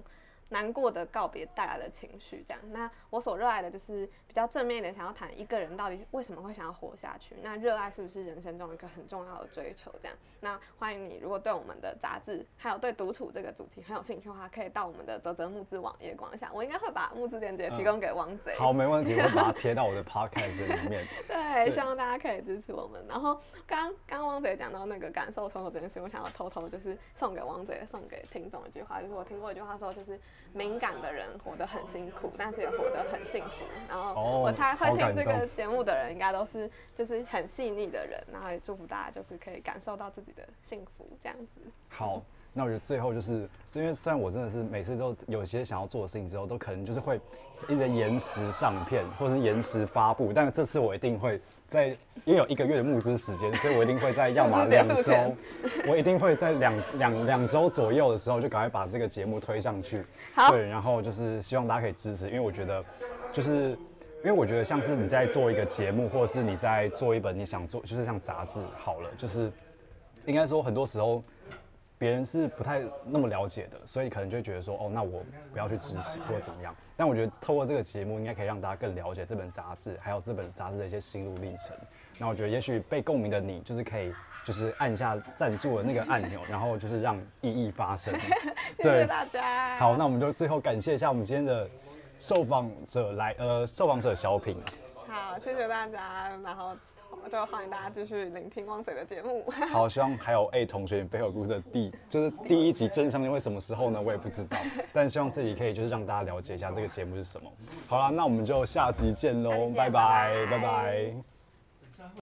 B: 難過的告別帶來的情緒，這樣。那我所熱愛的就是。比較正面一點，想要談一個人到底為什麼會想要活下去？那熱愛是不是人生中一個很重要的追求？這樣，那歡迎你，如果對我們的雜誌還有對獨處這個主題很有興趣的話，可以到我們的嘖嘖募資網頁逛一下。我應該會把募資連結提供給汪賊，嗯。好，沒問題， 我把它貼
A: 到我的 podcast 裡面。 對，對希望
B: 大家可以支持我們。然後剛剛汪賊講到那個感受生活這件事，我想要偷偷就是送給汪賊，送給聽眾一句話，就是我聽過一句話說，就是敏感的人活得很辛苦，但是也活得很幸福。然後。Oh, 我才會聽這個節目的人，應該都是就是很細膩的人，然後也祝福大家就是可以感受到自己的幸福這樣
A: 子。好，那我覺得最後就是，所以因為雖然我真的是每次都有些想要做的事情之後，都可能就是會一直延遲上片或是延遲發布，但是這次我一定會在，因為有一個月的募資時間，所以我一定會在，要麼兩周， 我一定會在兩兩兩周左右的時候就趕快把這個節目推上去。好對，然後就是希望大家可以支持，因為我覺得就是。因為我覺得，像是你在做一個節目，或者是你在做一本你想做，就是像雜誌好了，就是應該說很多時候別人是不太那麼了解的，所以可能就覺得說，哦，那我不要去執行或怎麼樣。但我覺得透過這個節目，應該可以讓大家更了解這本雜誌，還有這本雜誌的一些心路歷程。那我覺得，也許被共鳴的你，就是可以就是按下贊助的那個按鈕，然後就是讓意義發生。
B: 對，謝謝大家。好，那
A: 我們就最後感謝一下我們今天的。受訪者來，呃，受訪者小品。
B: 好，謝謝大家，然後就歡迎大家繼續聆聽汪仔的節目。好，
A: 希望還有欸同學，你背後有故事的第就是第一集正上面會什麼時候呢？我也不知道， 但希望這集可以就是讓大家了解一下這個節目是什麼。好啦，那我們就下集見嘍， 拜拜， 拜拜。